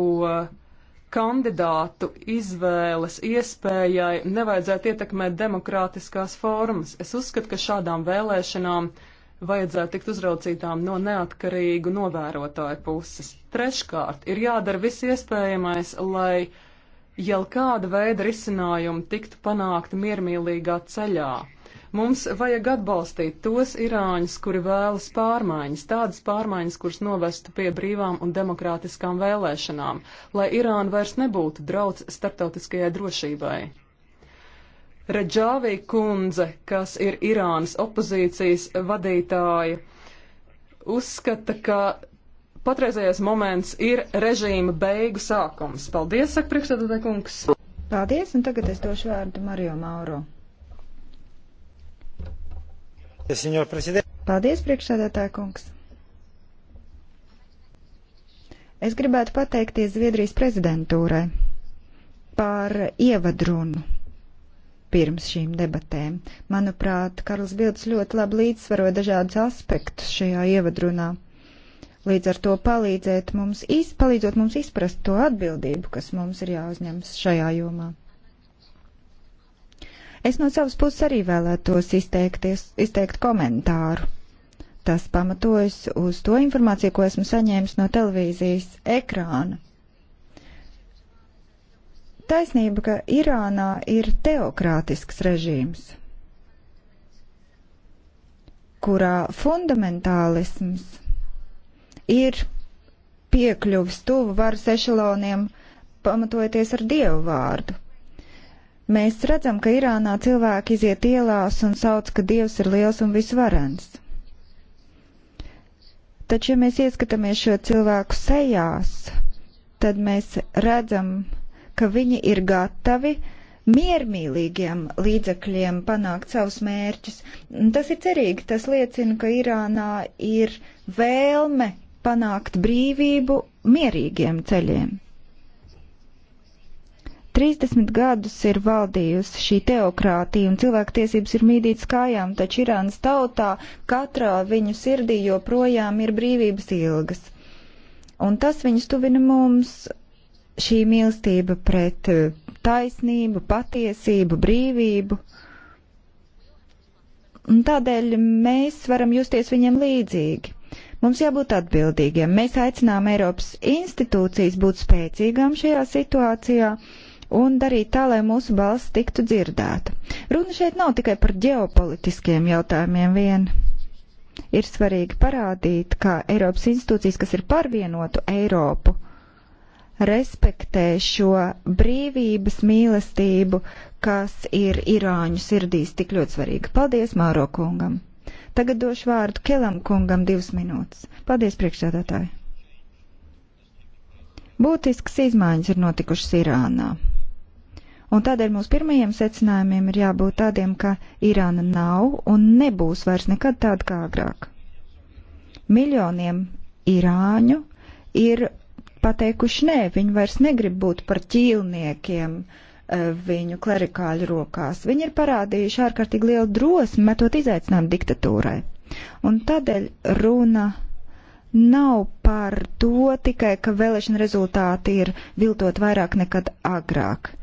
kandidātu izvēles iespējai nevajadzētu ietekmēt demokrātiskās formas. Es uzskatu, ka šādām vēlēšanām vajadzētu tikt uzraucītām no neatkarīgu novērotāju puses. Treškārt, ir jādara viss iespējamais, lai jau kāda veida risinājumi tiktu panākti miermīlīgā ceļā. Mums vajag atbalstīt tos Irāņus, kuri vēlas pārmaiņas, tādas pārmaiņas, kuras novestu pie brīvām un demokrātiskām vēlēšanām, lai Irāna vairs nebūtu draudz starptautiskajai drošībai. Reģāvī kundze, kas ir Irānas opozīcijas vadītāja, uzskata, ka patreizējais moments ir režīma beigu sākums. Paldies, saka priekšsēdētāj kungs. Paldies, un tagad es došu vārdu Mario Mauro. Paldies, priekšsēdētāja kungs! Es gribētu pateikties Zviedrijas prezidentūrai par ievadrunu pirms šīm debatēm. Manuprāt, Karls Bilds ļoti labi līdzsvaroja dažādus aspektus šajā ievadrunā. Līdz ar to palīdzēt mums, iz, palīdzot mums izprast to atbildību, kas mums ir jāuzņems šajā jomā. Es no savas puses arī vēlētos izteikt komentāru. Tas pamatojas uz to informāciju, ko esmu saņēmis no televīzijas ekrāna. Taisnība, ka Irānā ir teokrātisks režīms, kurā fundamentālisms ir piekļuvis tuvu varas ešaloniem, pamatojoties ar dievu vārdu. Mēs redzam, ka Irānā cilvēki iziet ielās un sauc, ka Dievs ir liels un visvarens. Taču, ja mēs ieskatāmies šo cilvēku sejās, tad mēs redzam, ka viņi ir gatavi miermīlīgiem līdzekļiem panākt savus mērķus. Tas ir cerīgi, tas liecina, ka Irānā ir vēlme panākt brīvību mierīgiem ceļiem. 30 gadus ir valdījusi šī teokrātija un cilvēktiesības ir mīdītas kājām, taču Irānas tautā katrā viņu sirdī joprojām ir brīvības ilgas. Un tas viņus tuvina mums šī mīlestība pret eh, taisnību, patiesību, brīvību. Un tādēļ mēs varam justies viņiem līdzīgi. Mums jābūt atbildīgiem. Mēs aicinām Eiropas institūcijas būt spēcīgām šajā situācijā. Uh, un darīt tā, lai mūsu balss tiktu dzirdēta. Runa šeit nav tikai par ģeopolitiskiem jautājumiem vien. Ir svarīgi parādīt, kā Eiropas institūcijas, kas ir par vienotu Eiropu, respektē šo brīvības mīlestību, kas ir Irāņu sirdīs tik ļoti svarīga. Paldies Māro kungam! Tagad došu vārdu Kelam kungam divas minūtes. Paldies, priekšsēdētāji! Būtisks izmaiņas ir notikušas Irānā. Un tādēļ mūsu pirmajiem secinājumiem ir jābūt tādiem, ka Irāna nav un nebūs vairs nekad tāda kā agrāk. Miljoniem irāņu ir pateikuši nē, viņi vairs negrib būt par ķīlniekiem eh, viņu klerikāļu rokās. Viņi ir parādījuši ārkārtīgi lielu drosmi, metot izaicinājumu diktatūrai. Un tādēļ runa nav par to tikai, ka vēlēšana rezultāti ir viltot vairāk nekad agrāk.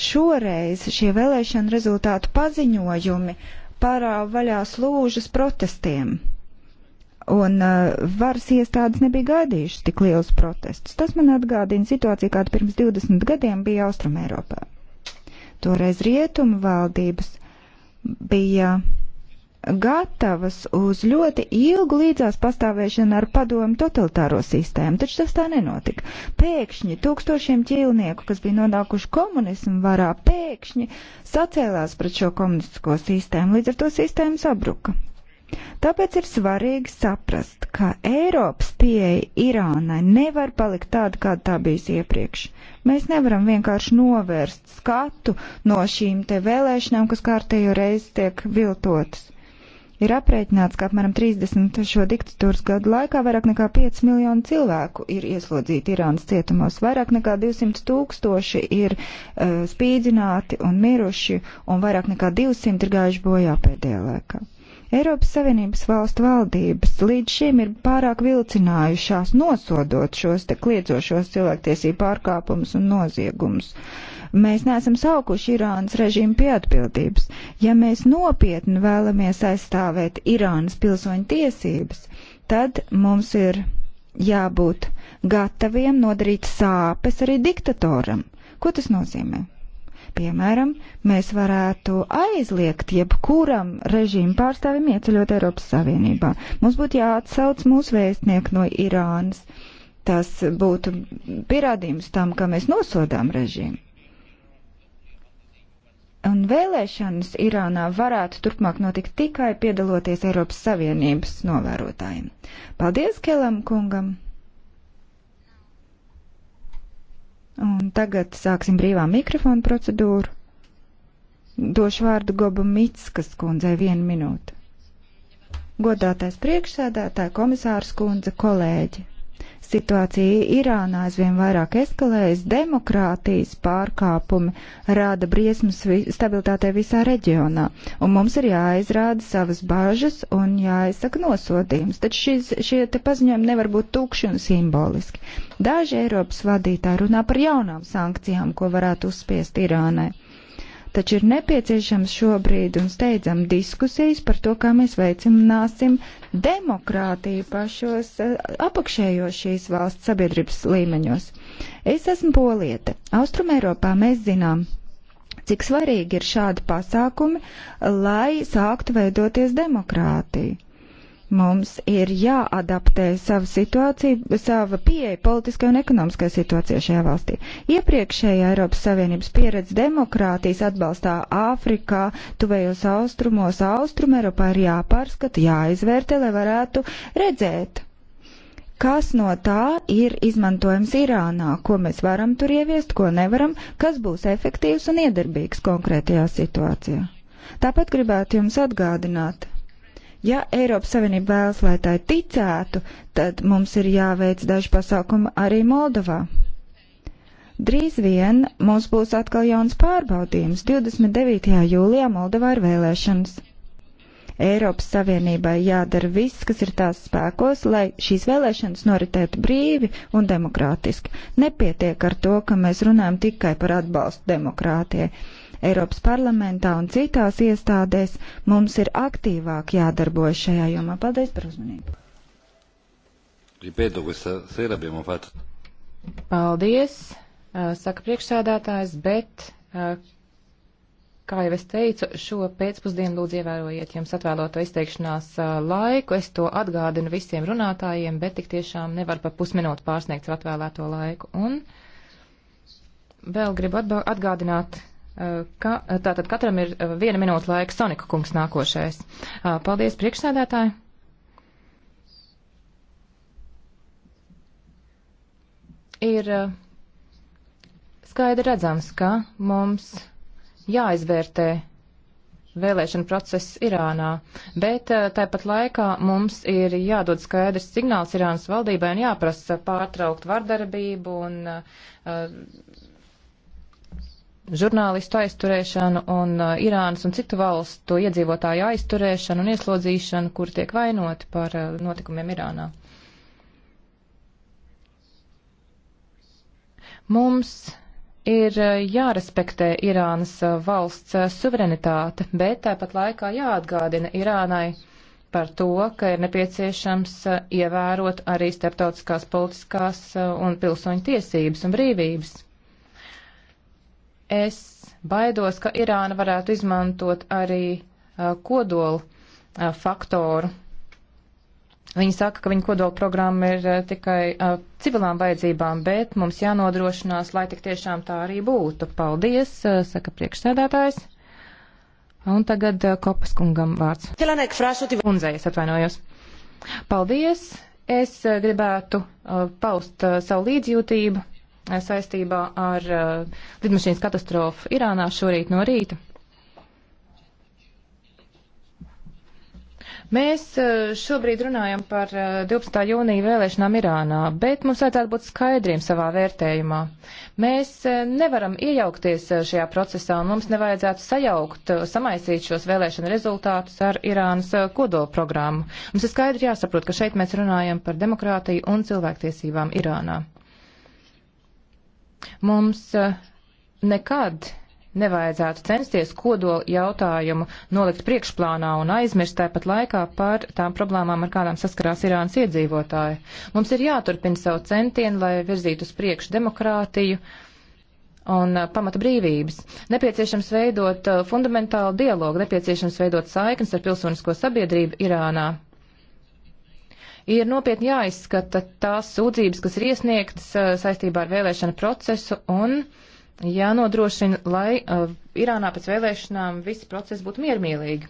Šoreiz šie vēlēšana rezultātu paziņojumi pārāva vaļā slūžas protestiem. Un uh, varas iestādes nebija gaidījušas tik lielus protestus. Tas man atgādina situāciju, kāda pirms 20 gadiem bija Austrumēropā. Toreiz rietumu valdības bija uh, gatavas uz ļoti ilgu līdzās pastāvēšanu ar padomu totalitāro sistēmu, taču tas tā nenotika. Pēkšņi tūkstošiem ķīlnieku, kas bija nonākuši komunismu varā, pēkšņi sacēlās pret šo komunistisko sistēmu, līdz ar to sistēma sabruka. Tāpēc ir svarīgi saprast, ka Eiropas pieeja Irānai nevar palikt tāda, kāda tā bijusi iepriekš. Mēs nevaram vienkārši novērst skatu no šīm te vēlēšanām, kas kārtējo reizi tiek viltotas Ir aprēķināts, ka apmēram 30 šo diktatūras gadu laikā vairāk nekā 5 miljonu cilvēku ir ieslodzīti Irānas cietumos, vairāk nekā 200 tūkstoši ir uh, spīdzināti un miruši, un vairāk nekā 200 ir gājuši bojā pēdējā laikā. Eiropas Savienības valstu valdības līdz šim ir pārāk vilcinājušās nosodot šos te kliedzošos cilvēktiesību pārkāpumus un noziegumus. Uh, Mēs neesam saukuši Irānas režīmu pie atbildības. Ja mēs nopietni vēlamies aizstāvēt Irānas pilsoņu tiesības, tad mums ir jābūt gataviem nodarīt sāpes arī diktatoram. Ko tas nozīmē? Piemēram, mēs varētu aizliegt jebkuram režīmu pārstāvim ieceļot Eiropas Savienībā. Mums būtu jāatsauc mūsu vēstnieku no Irānas. Tas būtu pierādījums tam, ka mēs nosodām režīmu. Un vēlēšanas Irānā varētu turpmāk notikt tikai piedaloties Eiropas Savienības novērotājiem. Paldies Kelam kungam! Un tagad sāksim brīvā mikrofona procedūru. Došu vārdu Goba Mitskas kundzei vienu minūtu. Godātais priekšsēdētāja, komisārs kundze, kolēģi. Situācija Irānā aizvien vairāk eskalējas, demokrātijas pārkāpumi rada briesmas vi stabilitātei visā reģionā, un mums ir jāizrāda savas bažas un jāizsaka nosodījums. Taču šis, šie te paziņojumi nevar būt tukši un simboliski. Daži Eiropas vadītāji runā par jaunām sankcijām, ko varētu uzspiest Irānai taču ir nepieciešams šobrīd un steidzam diskusijas par to, kā mēs veicināsim demokrātiju pašos eh, apakšējos šīs valsts sabiedrības līmeņos. Es esmu poliete. Austrumēropā mēs zinām, cik svarīgi ir šādi pasākumi, lai sāktu veidoties demokrātiju. Mums ir jāadaptē savu situāciju, sava pieeja politiskai un ekonomiskai situācijai šajā valstī. Iepriekšējā Eiropas Savienības pieredze demokrātijas atbalstā Āfrikā, tuvējos austrumos, austrum Eiropā ir jāpārskata, jāizvērtē, lai varētu redzēt, kas no tā ir izmantojams Irānā, ko mēs varam tur ieviest, ko nevaram, kas būs efektīvs un iedarbīgs konkrētajā situācijā. Tāpat gribētu jums atgādināt, Ja Eiropas Savienība vēlas, lai tai ticētu, tad mums ir jāveic daži pasākumi arī Moldovā. Drīz vien mums būs atkal jauns pārbaudījums. 29. jūlijā Moldovā ir vēlēšanas. Eiropas Savienībai jādara viss, kas ir tās spēkos, lai šīs vēlēšanas noritētu brīvi un demokrātiski. Nepietiek ar to, ka mēs runājam tikai par atbalstu demokrātijai. Eiropas parlamentā un citās iestādēs mums ir aktīvāk jādarbojas šajā jomā. Paldies par uzmanību! Ripeto, questa sera abbiamo fatto. Paldies, eh, saka priekšsēdētājs, bet, eh, kā jau es teicu, šo pēcpusdienu lūdzu ievērojiet jums atvēloto izteikšanās eh, laiku. Es to atgādinu visiem runātājiem, bet tik tiešām nevar pa pusminūti pārsniegt savu atvēlēto laiku. Un vēl gribu atgādināt Ka, tātad katram ir uh, viena minūte laika. Sonika kungs nākošais. Uh, paldies, priekšsēdētāji. Ir uh, skaidri redzams, ka mums jāizvērtē vēlēšana process Irānā, bet tāpat laikā mums ir jādod skaidrs signāls Irānas valdībai un jāprasa pārtraukt vardarbību un uh, žurnālistu aizturēšanu un uh, Irānas un citu valstu iedzīvotāju aizturēšanu un ieslodzīšanu, kur tiek vainoti par uh, notikumiem Irānā. Mums ir uh, jārespektē Irānas uh, valsts uh, suverenitāte, bet tāpat laikā jāatgādina Irānai par to, ka ir nepieciešams ievērot arī starptautiskās politiskās un pilsoņu tiesības un brīvības. Es baidos, ka Irāna varētu izmantot arī uh, kodolu uh, faktoru. Viņi saka, ka viņa kodola programma ir uh, tikai uh, civilām vajadzībām, bet mums jānodrošinās, lai tik tiešām tā arī būtu. Paldies, uh, saka priekšsēdētājs. Un tagad uh, Kopas kungam vārds. Kundzei, es atvainojos. Paldies. Es uh, gribētu uh, paust uh, savu līdzjūtību saistībā ar uh, lidmašīnas katastrofu Irānā šorīt no rīta. Mēs uh, šobrīd runājam par uh, 12. jūnija vēlēšanām Irānā, bet mums vajadzētu būt skaidriem savā vērtējumā. Mēs uh, nevaram iejaukties uh, šajā procesā un mums nevajadzētu sajaukt, uh, samaisīt šos vēlēšanu rezultātus ar Irānas kodolprogrammu. Mums ir skaidri jāsaprot, ka šeit mēs runājam par demokrātiju un cilvēktiesībām Irānā. Mums eh, nekad nevajadzētu censties kodolu jautājumu nolikt priekšplānā un aizmirst tāpat laikā par tām problēmām, ar kādām saskarās Irānas iedzīvotāji. Mums ir jāturpina savu centienu, lai virzītu uz priekšu demokrātiju un eh, pamata brīvības. Nepieciešams veidot eh, fundamentālu dialogu, nepieciešams veidot saiknes ar pilsonisko sabiedrību Irānā ir nopietni jāizskata tās sūdzības, kas ir iesniegtas uh, saistībā ar vēlēšanu procesu un jānodrošina, lai uh, Irānā pēc vēlēšanām visi procesi būtu miermīlīgi.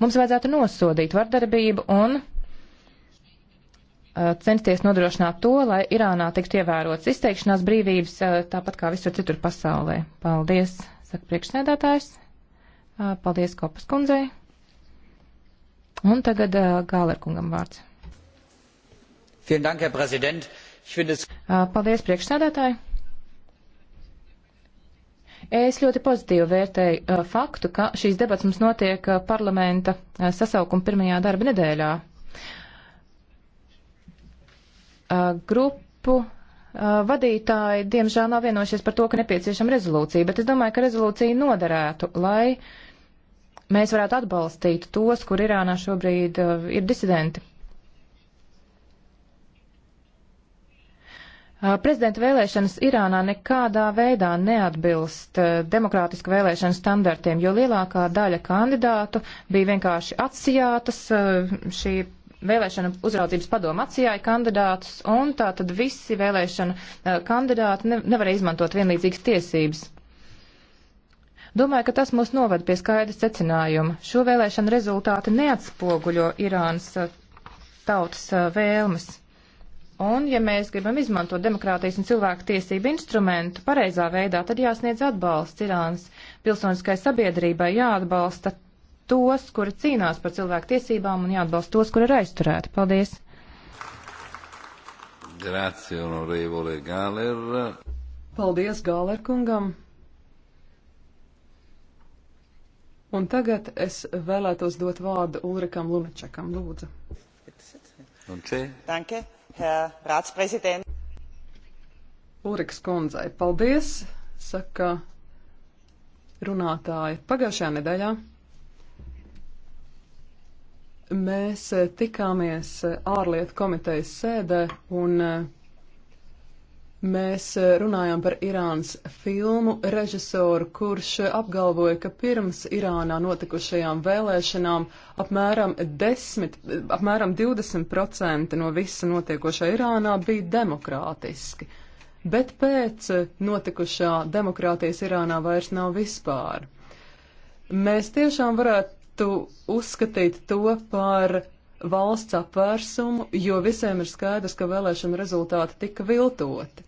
Mums vajadzētu nosodīt vardarbību un uh, censties nodrošināt to, lai Irānā tiktu ievērots izteikšanās brīvības, tāpat kā visur citur pasaulē. Paldies, saka priekšsēdētājs. Paldies Kopas kundzei. Un tagad Gālerkungam vārds. Dank, Herr Präsident. Ich finde es. Paldies, priekšsēdētāji. Es ļoti pozitīvi vērtēju uh, faktu, ka šīs debats mums notiek uh, parlamenta uh, sasaukuma pirmajā darba nedēļā. Grupu vadītāji, diemžēl, nav vienojušies par to, ka nepieciešama rezolūcija, bet es domāju, ka rezolūcija noderētu, lai mēs varētu atbalstīt tos, kur Irānā šobrīd ir disidenti. Uh, prezidenta vēlēšanas Irānā nekādā veidā neatbilst uh, demokrātisku vēlēšanu standartiem, jo lielākā daļa kandidātu bija vienkārši atsijātas uh, šī vēlēšana uzraudzības padoma atsijāja kandidātus, un tā tad visi vēlēšana uh, kandidāti ne, nevarēja izmantot vienlīdzīgas tiesības. Domāju, ka tas mūs noved pie skaidra secinājuma. Šo vēlēšanu rezultāti neatspoguļo Irānas uh, tautas uh, vēlmes. Un, ja mēs gribam izmantot demokrātijas un cilvēku tiesību instrumentu pareizā veidā, tad jāsniedz atbalsts Irānas pilsoniskai sabiedrībai, jāatbalsta tos, kuri cīnās par cilvēku tiesībām un jāatbalsta tos, kuri ir aizturēti. Paldies! Grazie, onorevole Galer. Paldies Galer kungam! Un tagad es vēlētos dot vārdu Ulrikam Lunačakam, lūdzu. Un šeit? Danke. Herr Ratspräsident. Ulrikas kundzei, paldies, saka runātāja. Pagājušajā nedēļā mēs tikāmies ārlietu komitejas sēdē un Mēs eh, runājām par Irānas filmu režisoru, kurš apgalvoja, ka pirms Irānā notikušajām vēlēšanām apmēram, 10, apmēram 20% no visa notiekošā Irānā bija demokrātiski, bet pēc eh, notikušā demokrātijas Irānā vairs nav vispār. Mēs tiešām varētu uzskatīt to par valsts apvērsumu, jo visiem ir skaidrs, ka vēlēšana rezultāti tika viltoti.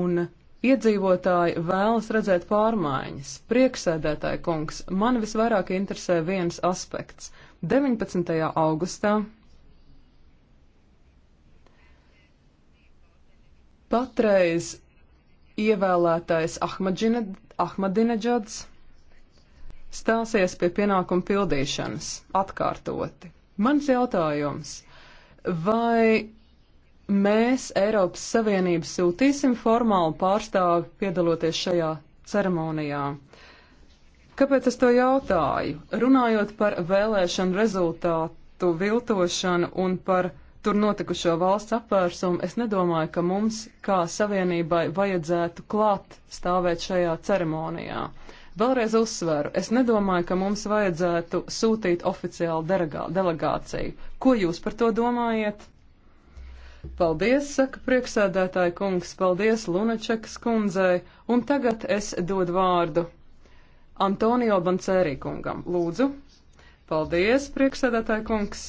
Un iedzīvotāji vēlas redzēt pārmaiņas. Prieksēdētāji kungs, man visvairāk interesē viens aspekts. 19. augustā patreiz ievēlētais Ahmadinečads stāsies pie pienākumu pildīšanas atkārtoti. Mans jautājums. Vai mēs Eiropas Savienību sūtīsim formālu pārstāvi piedaloties šajā ceremonijā? Kāpēc es to jautāju? Runājot par vēlēšanu rezultātu viltošanu un par tur notikušo valsts apvērsumu, es nedomāju, ka mums kā Savienībai vajadzētu klāt stāvēt šajā ceremonijā. Uh, Vēlreiz uzsveru, es nedomāju, ka mums vajadzētu sūtīt oficiālu delegā, delegāciju. Ko jūs par to domājat? Paldies, saka priekšsēdētāja kungs, paldies Lunačekas kundzei, un tagad es dodu vārdu Antonio Bancerī kungam. Lūdzu! Paldies, priekšsēdētāja kungs!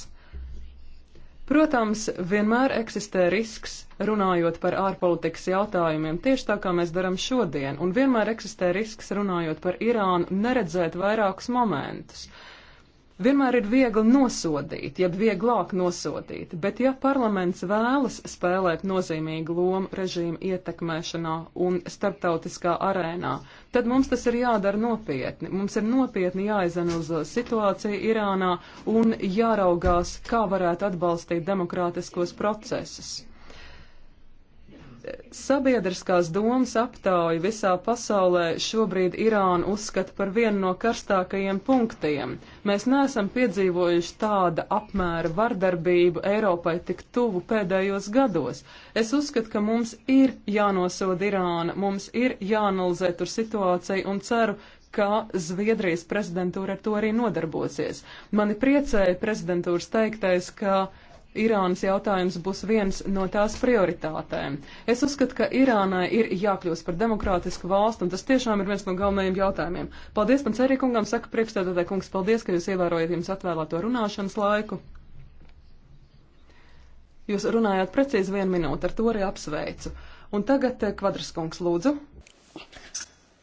Protams, vienmēr eksistē risks runājot par ārpolitikas jautājumiem, tieši tā kā mēs darām šodien, un vienmēr eksistē risks runājot par Irānu neredzēt vairākus momentus. Uh, Vienmēr ir viegli nosodīt, jeb vieglāk nosodīt, bet ja parlaments vēlas spēlēt nozīmīgu lomu režīmu ietekmēšanā un starptautiskā arēnā, tad mums tas ir jādara nopietni. Mums ir nopietni jāizanalizē situācija Irānā un jāraugās, kā varētu atbalstīt demokrātiskos procesus. Sabiedriskās domas aptauja visā pasaulē šobrīd Irānu uzskata par vienu no karstākajiem punktiem. Mēs neesam piedzīvojuši tāda apmēra vardarbību Eiropai tik tuvu pēdējos gados. Es uzskatu, ka mums ir jānosoda Irāna, mums ir jāanalizē tur situācija un ceru, ka Zviedrijas prezidentūra ar to arī nodarbosies. Mani priecēja prezidentūras teiktais, ka Irānas jautājums būs viens no tās prioritātēm. Es uzskatu, ka Irānai ir jākļūst par demokrātisku valstu, un tas tiešām ir viens no galvenajiem jautājumiem. Paldies, pats arī kungam, saka priekšstādātāja kungs, paldies, ka jūs ievērojat jums atvēlēto runāšanas laiku. Jūs runājāt precīzi vienu minūti, ar to arī apsveicu. Un tagad eh, kvadras kungs lūdzu.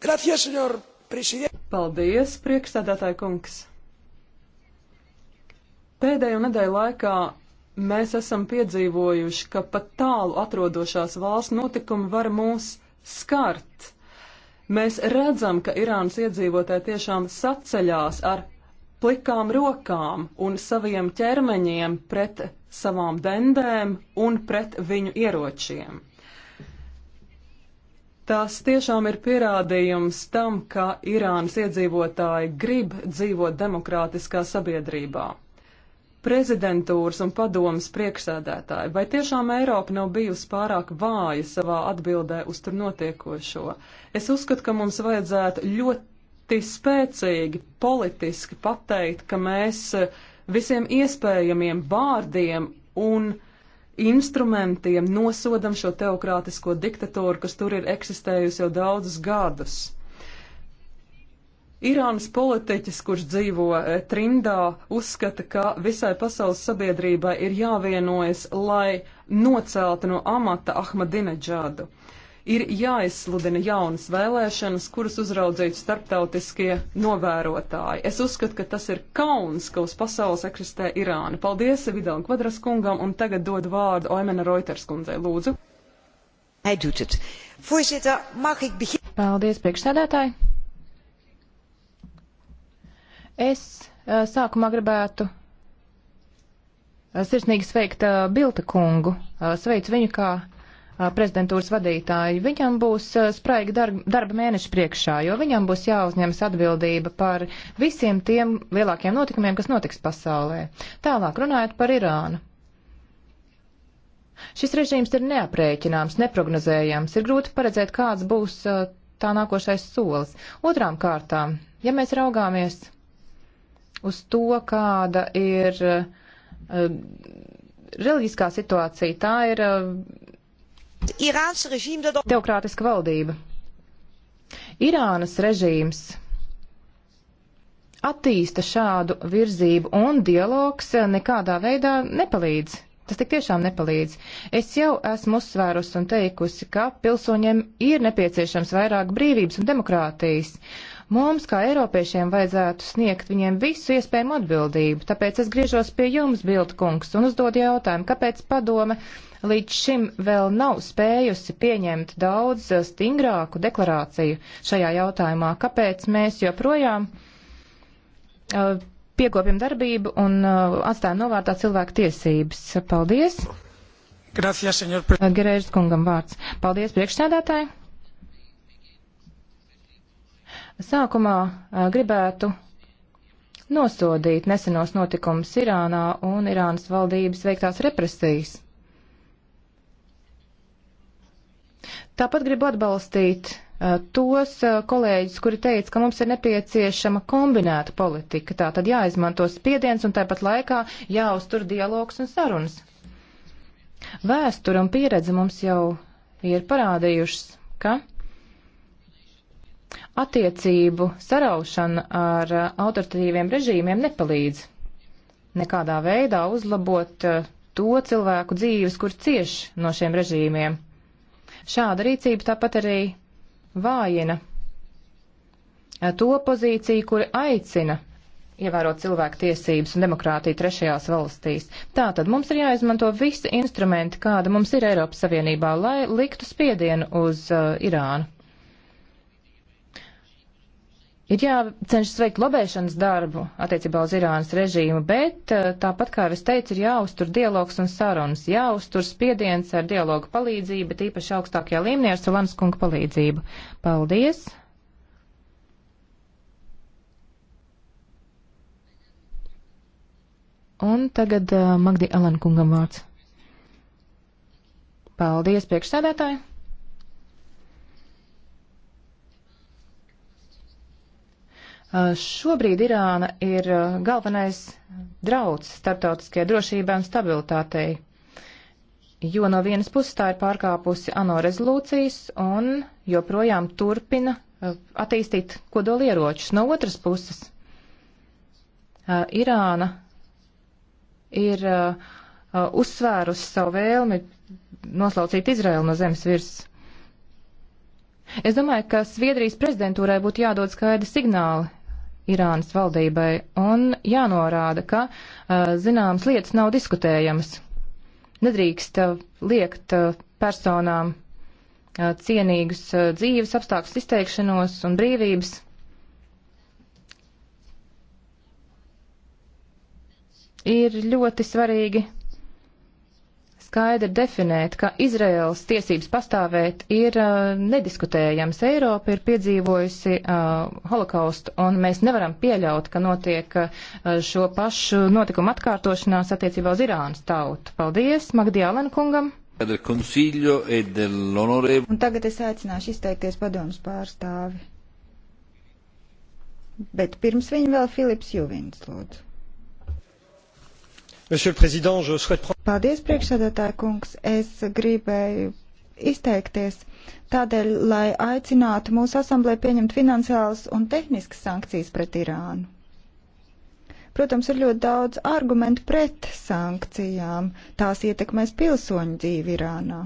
Gracias, senor president. Paldies, priekšstādātāja kungs. Pēdējo nedēļu laikā Mēs esam piedzīvojuši, ka pat tālu atrodošās valsts notikumi var mūs skart. Mēs redzam, ka Irānas iedzīvotāji tiešām saceļās ar plikām rokām un saviem ķermeņiem pret savām dendēm un pret viņu ieročiem. Tas tiešām ir pierādījums tam, ka Irānas iedzīvotāji grib dzīvot demokrātiskā sabiedrībā prezidentūras un padomas priekšsēdētāji, vai tiešām Eiropa nav bijusi pārāk vāja savā atbildē uz tur notiekošo? Es uzskatu, ka mums vajadzētu ļoti spēcīgi politiski pateikt, ka mēs visiem iespējamiem vārdiem un instrumentiem nosodam šo teokrātisko diktatūru, kas tur ir eksistējusi jau daudzus gadus. Irānas politiķis, kurš dzīvo e, trimdā, uzskata, ka visai pasaules sabiedrībai ir jāvienojas, lai noceltu no amata Ahmadineģādu. Ir jāizsludina jaunas vēlēšanas, kuras uzraudzītu starptautiskie novērotāji. Es uzskatu, ka tas ir kauns, ka uz pasaules eksistē Irāna. Paldies Vidal Kvadras kungam un tagad dod vārdu Oimena Reuters kundzei. Lūdzu. Voorzitter, mag ik beginnen? Paldies, priekšsēdētāji. Es sākumā gribētu sirsnīgi sveikt Bilta kungu. Sveicu viņu kā prezidentūras vadītāju. Viņam būs spraiga darba mēneša priekšā, jo viņam būs jāuzņemas atbildība par visiem tiem lielākiem notikumiem, kas notiks pasaulē. Tālāk runājot par Irānu. Šis režīms ir neaprēķināms, neprognozējams, ir grūti paredzēt, kāds būs tā nākošais solis. Otrām kārtām, ja mēs raugāmies uz to, kāda ir eh, reliģiskā situācija. Tā ir teokrātiska eh, valdība. Irānas režīms attīsta šādu virzību un dialogs eh, nekādā veidā nepalīdz. Tas tik tiešām nepalīdz. Es jau esmu uzsvērusi un teikusi, ka pilsoņiem ir nepieciešams vairāk brīvības un demokrātijas. Uh, Mums, kā Eiropiešiem, vajadzētu sniegt viņiem visu iespējamo atbildību, tāpēc es griežos pie jums, Bildkungs, un uzdod jautājumu, kāpēc padome līdz šim vēl nav spējusi pieņemt daudz eh, stingrāku deklarāciju šajā jautājumā, kāpēc mēs joprojām uh, eh, piekopjam darbību un uh, atstājam novārtā cilvēku tiesības. Paldies! Gracias, señor. Gerēžas kungam vārds. Paldies, priekšsēdētāji! Sākumā gribētu nosodīt nesenos notikumus Irānā un Irānas valdības veiktās represijas. Tāpat gribu atbalstīt uh, tos uh, kolēģus, kuri teica, ka mums ir nepieciešama kombinēta politika. Tā tad jāizmanto spiediens un tāpat laikā jāuztur dialogs un sarunas. Vēsture un pieredze mums jau ir parādījušas, ka attiecību saraušana ar autoritatīviem režīmiem nepalīdz nekādā veidā uzlabot eh, to cilvēku dzīves, kur cieš no šiem režīmiem. Šāda rīcība tāpat arī vājina eh, to pozīciju, kuri aicina ievērot cilvēku tiesības un demokrātiju trešajās valstīs. Tātad mums ir jāizmanto visi instrumenti, kāda mums ir Eiropas Savienībā, lai liktu spiedienu uz uh, Irānu. Ir jācenšas veikt lobēšanas darbu attiecībā uz Irānas režīmu, bet eh, tāpat kā es teicu, ir jāuztur dialogs un sarunas, jāuztur spiediens ar dialogu palīdzību, bet īpaši augstākajā līmenī ar Solanas kunga palīdzību. Paldies! Un tagad eh, Magdi Alankungam vārds. Paldies, priekšsēdētāji! Eh, šobrīd Irāna ir eh, galvenais drauds starptautiskajai drošībai un stabilitātei, jo no vienas puses tā ir pārkāpusi ANO rezolūcijas un joprojām turpina eh, attīstīt kodolieročus. No otras puses, Irāna ir uzsvērusi savu vēlmi noslaucīt Izraelu no zemes virsmas. Es domāju, ka Sviedrijas prezidentūrai būtu jādod skaidri signāli Irānas valdībai un jānorāda, ka uh, zināmas lietas nav diskutējamas. Nedrīkst uh, liekt uh, personām uh, cienīgus uh, dzīves apstākļus izteikšanos un brīvības. Ir ļoti svarīgi skaidri definēt, ka Izraels tiesības pastāvēt ir uh, nediskutējams. Eiropa ir piedzīvojusi uh, holokaustu, un mēs nevaram pieļaut, ka notiek uh, šo pašu notikumu atkārtošanās attiecībā uz Irānas tautu. Paldies, Magdijā Lenkungam! E un tagad es aicināšu izteikties padomus pārstāvi. Bet pirms viņa vēl Filips Juvins, lūdzu. Paldies, priekšsēdētāja kungs. Es gribēju izteikties tādēļ, lai aicinātu mūsu asamblē pieņemt finansiālas un tehniskas sankcijas pret Irānu. Protams, ir ļoti daudz argumentu pret sankcijām. Tās ietekmēs pilsoņu dzīvi Irānā.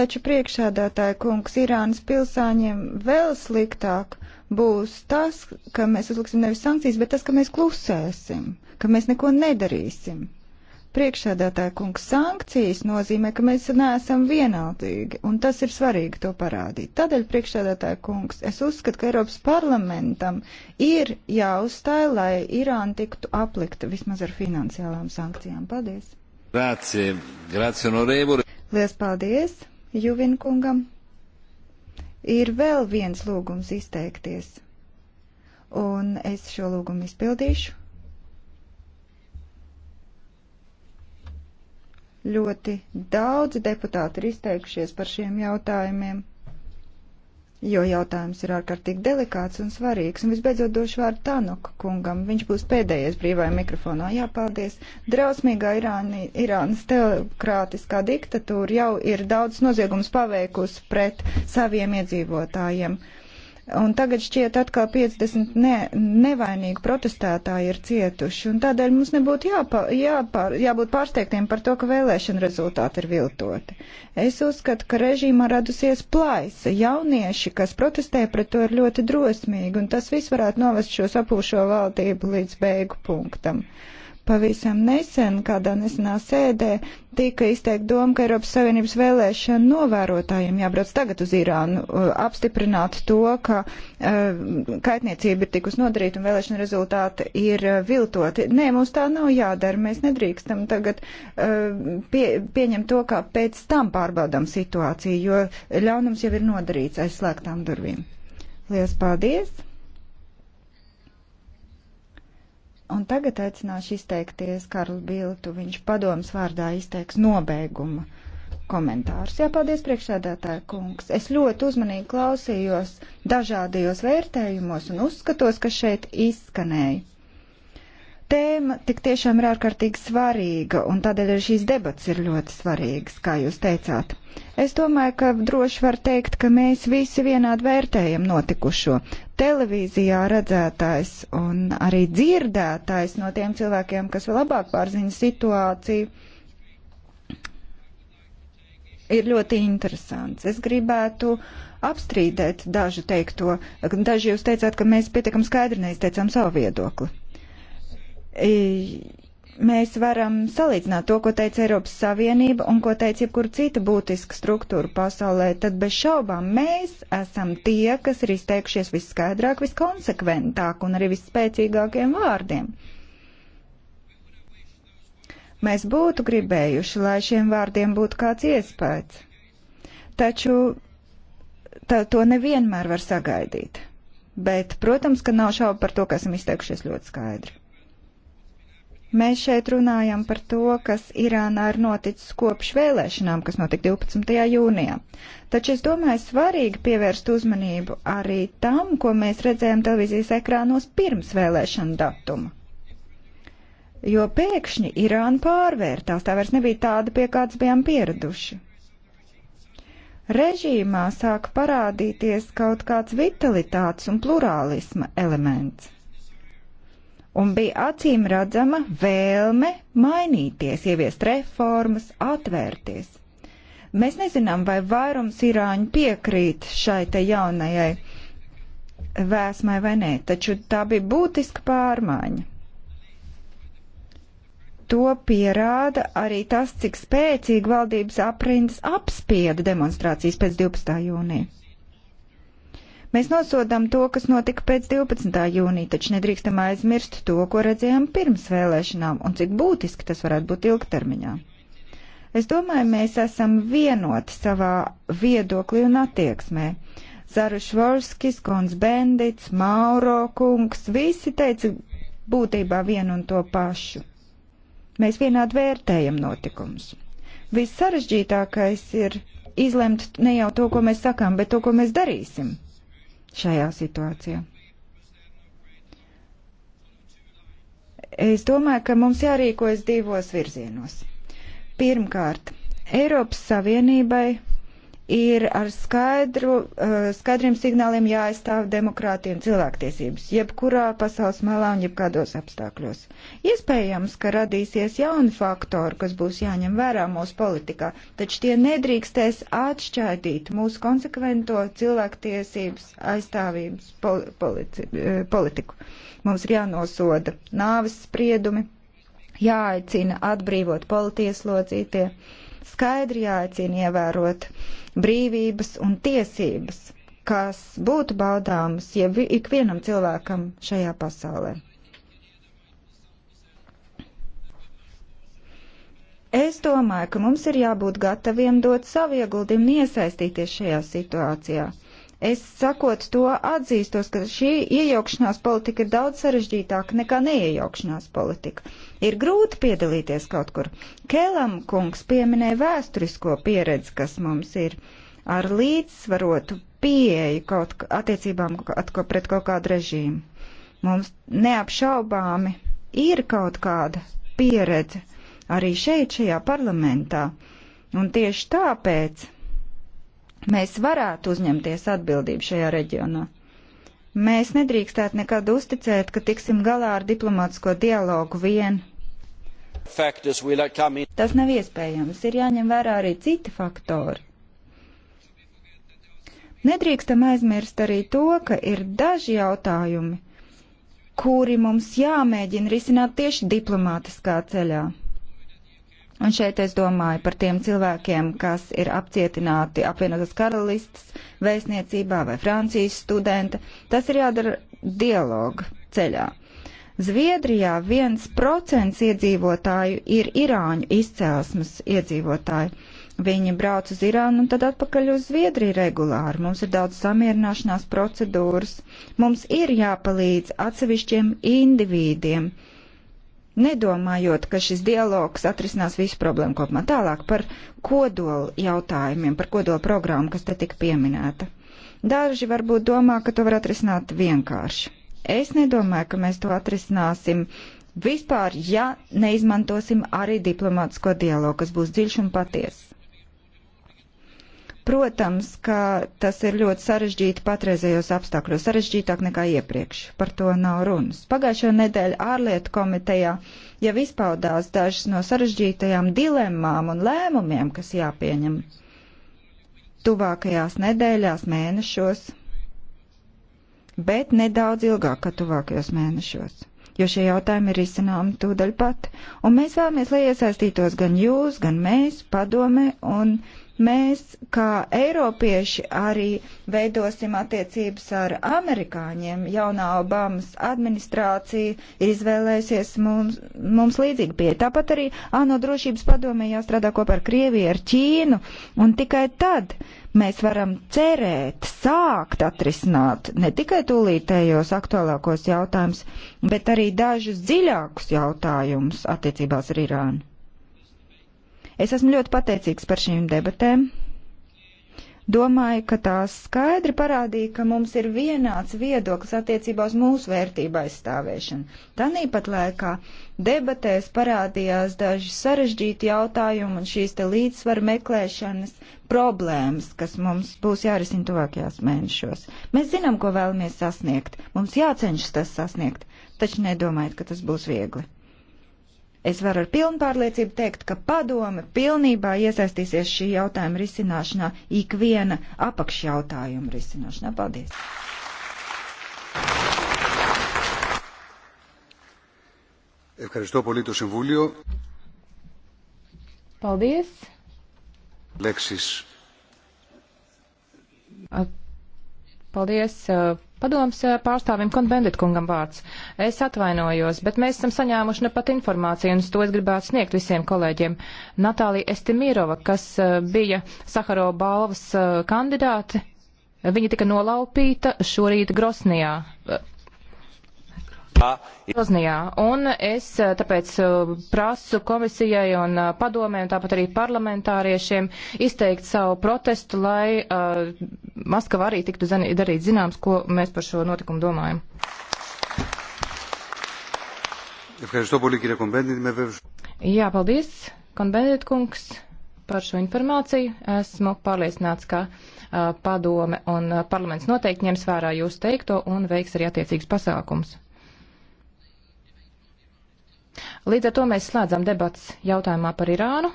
Taču priekšsēdētāja kungs Irānas pilsāņiem vēl sliktāk būs tas, ka mēs uzliksim nevis sankcijas, bet tas, ka mēs klusēsim, ka mēs neko nedarīsim. Priekšsēdētāja kungs sankcijas nozīmē, ka mēs neesam vienaldīgi, un tas ir svarīgi to parādīt. Tādēļ, priekšsēdētāja kungs, es uzskatu, ka Eiropas parlamentam ir jāuzstāj, lai Irāna tiktu aplikta vismaz ar finansiālām sankcijām. Paldies! Grācie, grācie no Lies paldies Juvinkungam! ir vēl viens lūgums izteikties, un es šo lūgumu izpildīšu. Ļoti daudzi deputāti ir izteikušies par šiem jautājumiem jo jautājums ir ārkārtīgi delikāts un svarīgs. Un visbeidzot došu vārdu Tānoka kungam. Viņš būs pēdējais brīvajā mikrofonā. Jā, paldies. Drausmīgā Irāni, Irānas teokrātiskā diktatūra jau ir daudz noziegums paveikusi pret saviem iedzīvotājiem. Un tagad šķiet atkal 50 ne, nevainīgi protestētāji ir cietuši, un tādēļ mums nebūtu jāpā, jāpā, jābūt pārsteigtiem par to, ka vēlēšana rezultāti ir viltoti. Es uzskatu, ka režīmā radusies plaisa. Jaunieši, kas protestē pret to, ir ļoti drosmīgi, un tas viss varētu novest šo sapūšo valdību līdz beigu punktam. Uh, Pavisam nesen, kādā nesenā sēdē, tika izteikta doma, ka Eiropas Savienības vēlēšana novērotājiem jābrauc tagad uz Irānu, uh, apstiprināt to, ka uh, kaitniecība ir tikus nodarīta un vēlēšana rezultāti ir uh, viltoti. Nē, mums tā nav jādara. Mēs nedrīkstam tagad pie, pieņemt to, kā pēc tam pārbaudām situāciju, jo ļaunums jau ir nodarīts aiz slēgtām durvīm. Lielas paldies! Un tagad aicināšu izteikties Karlu Biltu. Viņš padoms vārdā izteiks nobeiguma komentārus. Jā, paldies priekšsēdētāja kungs. Es ļoti uzmanīgi klausījos dažādajos vērtējumos un uzskatos, kas šeit izskanēja tēma tik tiešām ir ārkārtīgi svarīga, un tādēļ arī šīs debats ir ļoti svarīgas, kā jūs teicāt. Es domāju, ka droši var teikt, ka mēs visi vienādi vērtējam notikušo. Televīzijā redzētājs un arī dzirdētājs no tiem cilvēkiem, kas vēl labāk pārziņa situāciju, ir ļoti interesants. Es gribētu apstrīdēt dažu teikto. Daži jūs teicāt, ka mēs pietiekam skaidri neizteicām savu viedokli mēs varam salīdzināt to, ko teica Eiropas Savienība un ko teica jebkura cita būtiska struktūra pasaulē, tad bez šaubām mēs esam tie, kas ir izteikušies visskaidrāk, viskonsekventāk un arī visspēcīgākiem vārdiem. Mēs būtu gribējuši, lai šiem vārdiem būtu kāds iespējas, taču tā, to nevienmēr var sagaidīt. Bet, protams, ka nav šaubu par to, ka esam izteikušies ļoti skaidri. Mēs šeit runājam par to, kas Irānā ir noticis kopš vēlēšanām, kas notika 12. jūnijā. Taču es domāju, svarīgi pievērst uzmanību arī tam, ko mēs redzējām televīzijas ekrānos pirms vēlēšana datuma. Jo pēkšņi Irāna pārvērtās, tā vairs nebija tāda, pie kādas bijām pieraduši. Režīmā sāk parādīties kaut kāds vitalitātes un plurālisma elements un bija acīm redzama vēlme mainīties, ieviest reformas, atvērties. Mēs nezinām, vai vairums irāņu piekrīt šai te jaunajai vēsmai vai nē, taču tā bija būtiska pārmaiņa. To pierāda arī tas, cik spēcīgi valdības aprindas apspieda demonstrācijas pēc 12. jūnija. Mēs nosodām to, kas notika pēc 12. jūnija, taču nedrīkstam aizmirst to, ko redzējām pirms vēlēšanām un cik būtiski tas varētu būt ilgtermiņā. Es domāju, mēs esam vienoti savā viedoklī un attieksmē. Zarušvorskis, Kons Bendits, Mauro kungs, visi teica būtībā vienu un to pašu. Mēs vienādi vērtējam notikumus. Viss sarežģītākais ir izlemt ne jau to, ko mēs sakām, bet to, ko mēs darīsim šajā situācijā. Es domāju, ka mums jārīkojas divos virzienos. Pirmkārt, Eiropas Savienībai ir ar skaidru, eh, skaidriem signāliem jāaizstāv demokrātija un cilvēktiesības, jebkurā pasaules malā un jebkādos apstākļos. Iespējams, ka radīsies jauni faktori, kas būs jāņem vērā mūsu politikā, taču tie nedrīkstēs atšķaidīt mūsu konsekvento cilvēktiesības aizstāvības pol politi eh, politiku. Mums ir jānosoda nāves spriedumi, jāaicina atbrīvot politieslodzītie. Ja Skaidri jāicina ievērot brīvības un tiesības, kas būtu baudāmas ja ikvienam cilvēkam šajā pasaulē. Es domāju, ka mums ir jābūt gataviem dot savu ieguldījumu un iesaistīties šajā situācijā. Es sakot to atzīstos, ka šī iejaukšanās politika ir daudz sarežģītāka nekā neiejaukšanās politika. Ir grūti piedalīties kaut kur. Kēlam kungs pieminēja vēsturisko pieredzi, kas mums ir ar līdzsvarotu pieeju kaut attiecībām atko pret kaut kādu režīmu. Mums neapšaubāmi ir kaut kāda pieredze arī šeit, šajā parlamentā. Un tieši tāpēc mēs varētu uzņemties atbildību šajā reģionā. Mēs nedrīkstētu nekad uzticēt, ka tiksim galā ar diplomātsko dialogu vien. Tas nav iespējams, ir jāņem vērā arī citi faktori. Nedrīkstam aizmirst arī to, ka ir daži jautājumi, kuri mums jāmēģina risināt tieši diplomātiskā ceļā. Un šeit es domāju par tiem cilvēkiem, kas ir apcietināti apvienotās karalistas vēstniecībā vai Francijas studenta. Tas ir jādara dialoga ceļā. Zviedrijā viens procents iedzīvotāju ir irāņu izcelsmes iedzīvotāji. Viņi brauc uz Irānu un tad atpakaļ uz Zviedriju regulāri. Mums ir daudz samierināšanās procedūras. Mums ir jāpalīdz atsevišķiem indivīdiem nedomājot, ka šis dialogs atrisinās visu problēmu kopumā. Tālāk par kodolu jautājumiem, par kodolu programmu, kas te tika pieminēta. Daži varbūt domā, ka to var atrisināt vienkārši. Es nedomāju, ka mēs to atrisināsim vispār, ja neizmantosim arī diplomātsko dialogu, kas būs dziļš un patiesis. Protams, ka tas ir ļoti sarežģīti patreizējos apstākļos, sarežģītāk nekā iepriekš. Par to nav runas. Pagājušo nedēļu ārlietu komitejā jau izpaudās dažas no sarežģītajām dilemmām un lēmumiem, kas jāpieņem tuvākajās nedēļās, mēnešos, bet nedaudz ilgāk kā tuvākajos mēnešos jo šie jautājumi ir izcināmi tūdaļ pat. Un mēs vēlamies, lai iesaistītos gan jūs, gan mēs, padome un Mēs, kā eiropieši, arī veidosim attiecības ar amerikāņiem. Jaunā Obamas administrācija ir izvēlēsies mums, mums līdzīgi pie. Tāpat arī ANO drošības padomē jāstrādā kopā ar Krieviju, ar Ķīnu, un tikai tad mēs varam cerēt, sākt atrisināt ne tikai tūlītējos aktuālākos jautājumus, bet arī dažus dziļākus jautājumus attiecībās ar Irānu. Es esmu ļoti pateicīgs par šīm debatēm. Domāju, ka tās skaidri parādīja, ka mums ir vienāds viedoklis attiecībā uz mūsu vērtību aizstāvēšanu. Tanīpat laikā debatēs parādījās daži sarežģīti jautājumi un šīs te līdzsvaru meklēšanas problēmas, kas mums būs jārisina tuvākajās mēnešos. Mēs zinām, ko vēlamies sasniegt. Mums jācenšas tas sasniegt, taču nedomājiet, ka tas būs viegli. Es varu ar pilnu pārliecību teikt, ka padome pilnībā iesaistīsies šī jautājuma risināšanā, ikviena apakšjautājuma risināšanā. Paldies! Ευχαριστώ πολύ το Συμβούλιο. Paldies. Λέξεις. Paldies Padoms eh, pārstāvim konbendit kungam vārds. Es atvainojos, bet mēs esam saņēmuši ne pat informāciju, un to es gribētu sniegt visiem kolēģiem. Natālija Estimirova, kas eh, bija Sakaro balvas eh, kandidāte, viņa tika nolaupīta šorīt Grosnijā. Grozņijā. Un es eh, tāpēc eh, prasu komisijai un eh, padomē, un tāpat arī parlamentāriešiem izteikt savu protestu, lai uh, Maskava arī tiktu darīt zināms, ko mēs par šo notikumu domājam. Jā, paldies, Konbendit kungs, par šo informāciju. Esmu pārliecināts, ka uh, padome un parlaments noteikti ņems vērā jūsu teikto un veiks arī attiecīgus pasākums. Līdz ar to mēs slēdzam debats jautājumā par Irānu.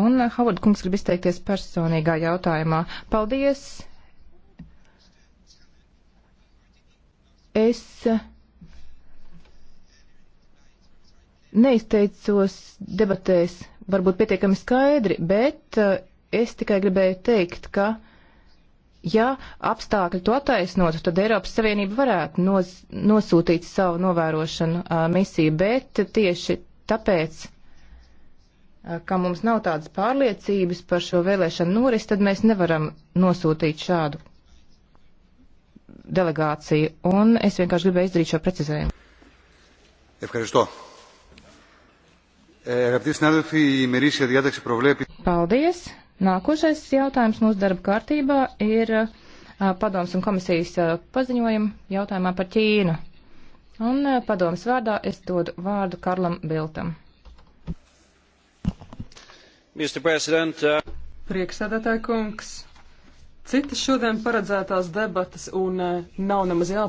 Un eh, Havard kungs grib izteikties personīgā jautājumā. Paldies! Es eh, neizteicos debatēs varbūt pietiekami skaidri, bet eh, es tikai gribēju teikt, ka ja apstākļi to attaisnotu, tad Eiropas Savienība varētu nos, nosūtīt savu novērošanu uh, misiju, bet tieši tāpēc, uh, ka mums nav tādas pārliecības par šo vēlēšanu noris, tad mēs nevaram nosūtīt šādu delegāciju. Un es vienkārši gribēju izdarīt šo precizējumu. Ευχαριστώ. Ε, αγαπητοί συνάδελφοι, η ημερήσια διάταξη προβλέπει. Paldies. Nākošais jautājums mūsu darba kārtībā ir uh, padoms un komisijas uh, paziņojuma jautājumā par Ķīnu. Un uh, padoms vārdā es dodu vārdu Karlam Biltam. Uh, Prieksēdētāji kungs, citas šodien paredzētās debatas un uh, nav nemaz jāpārāk.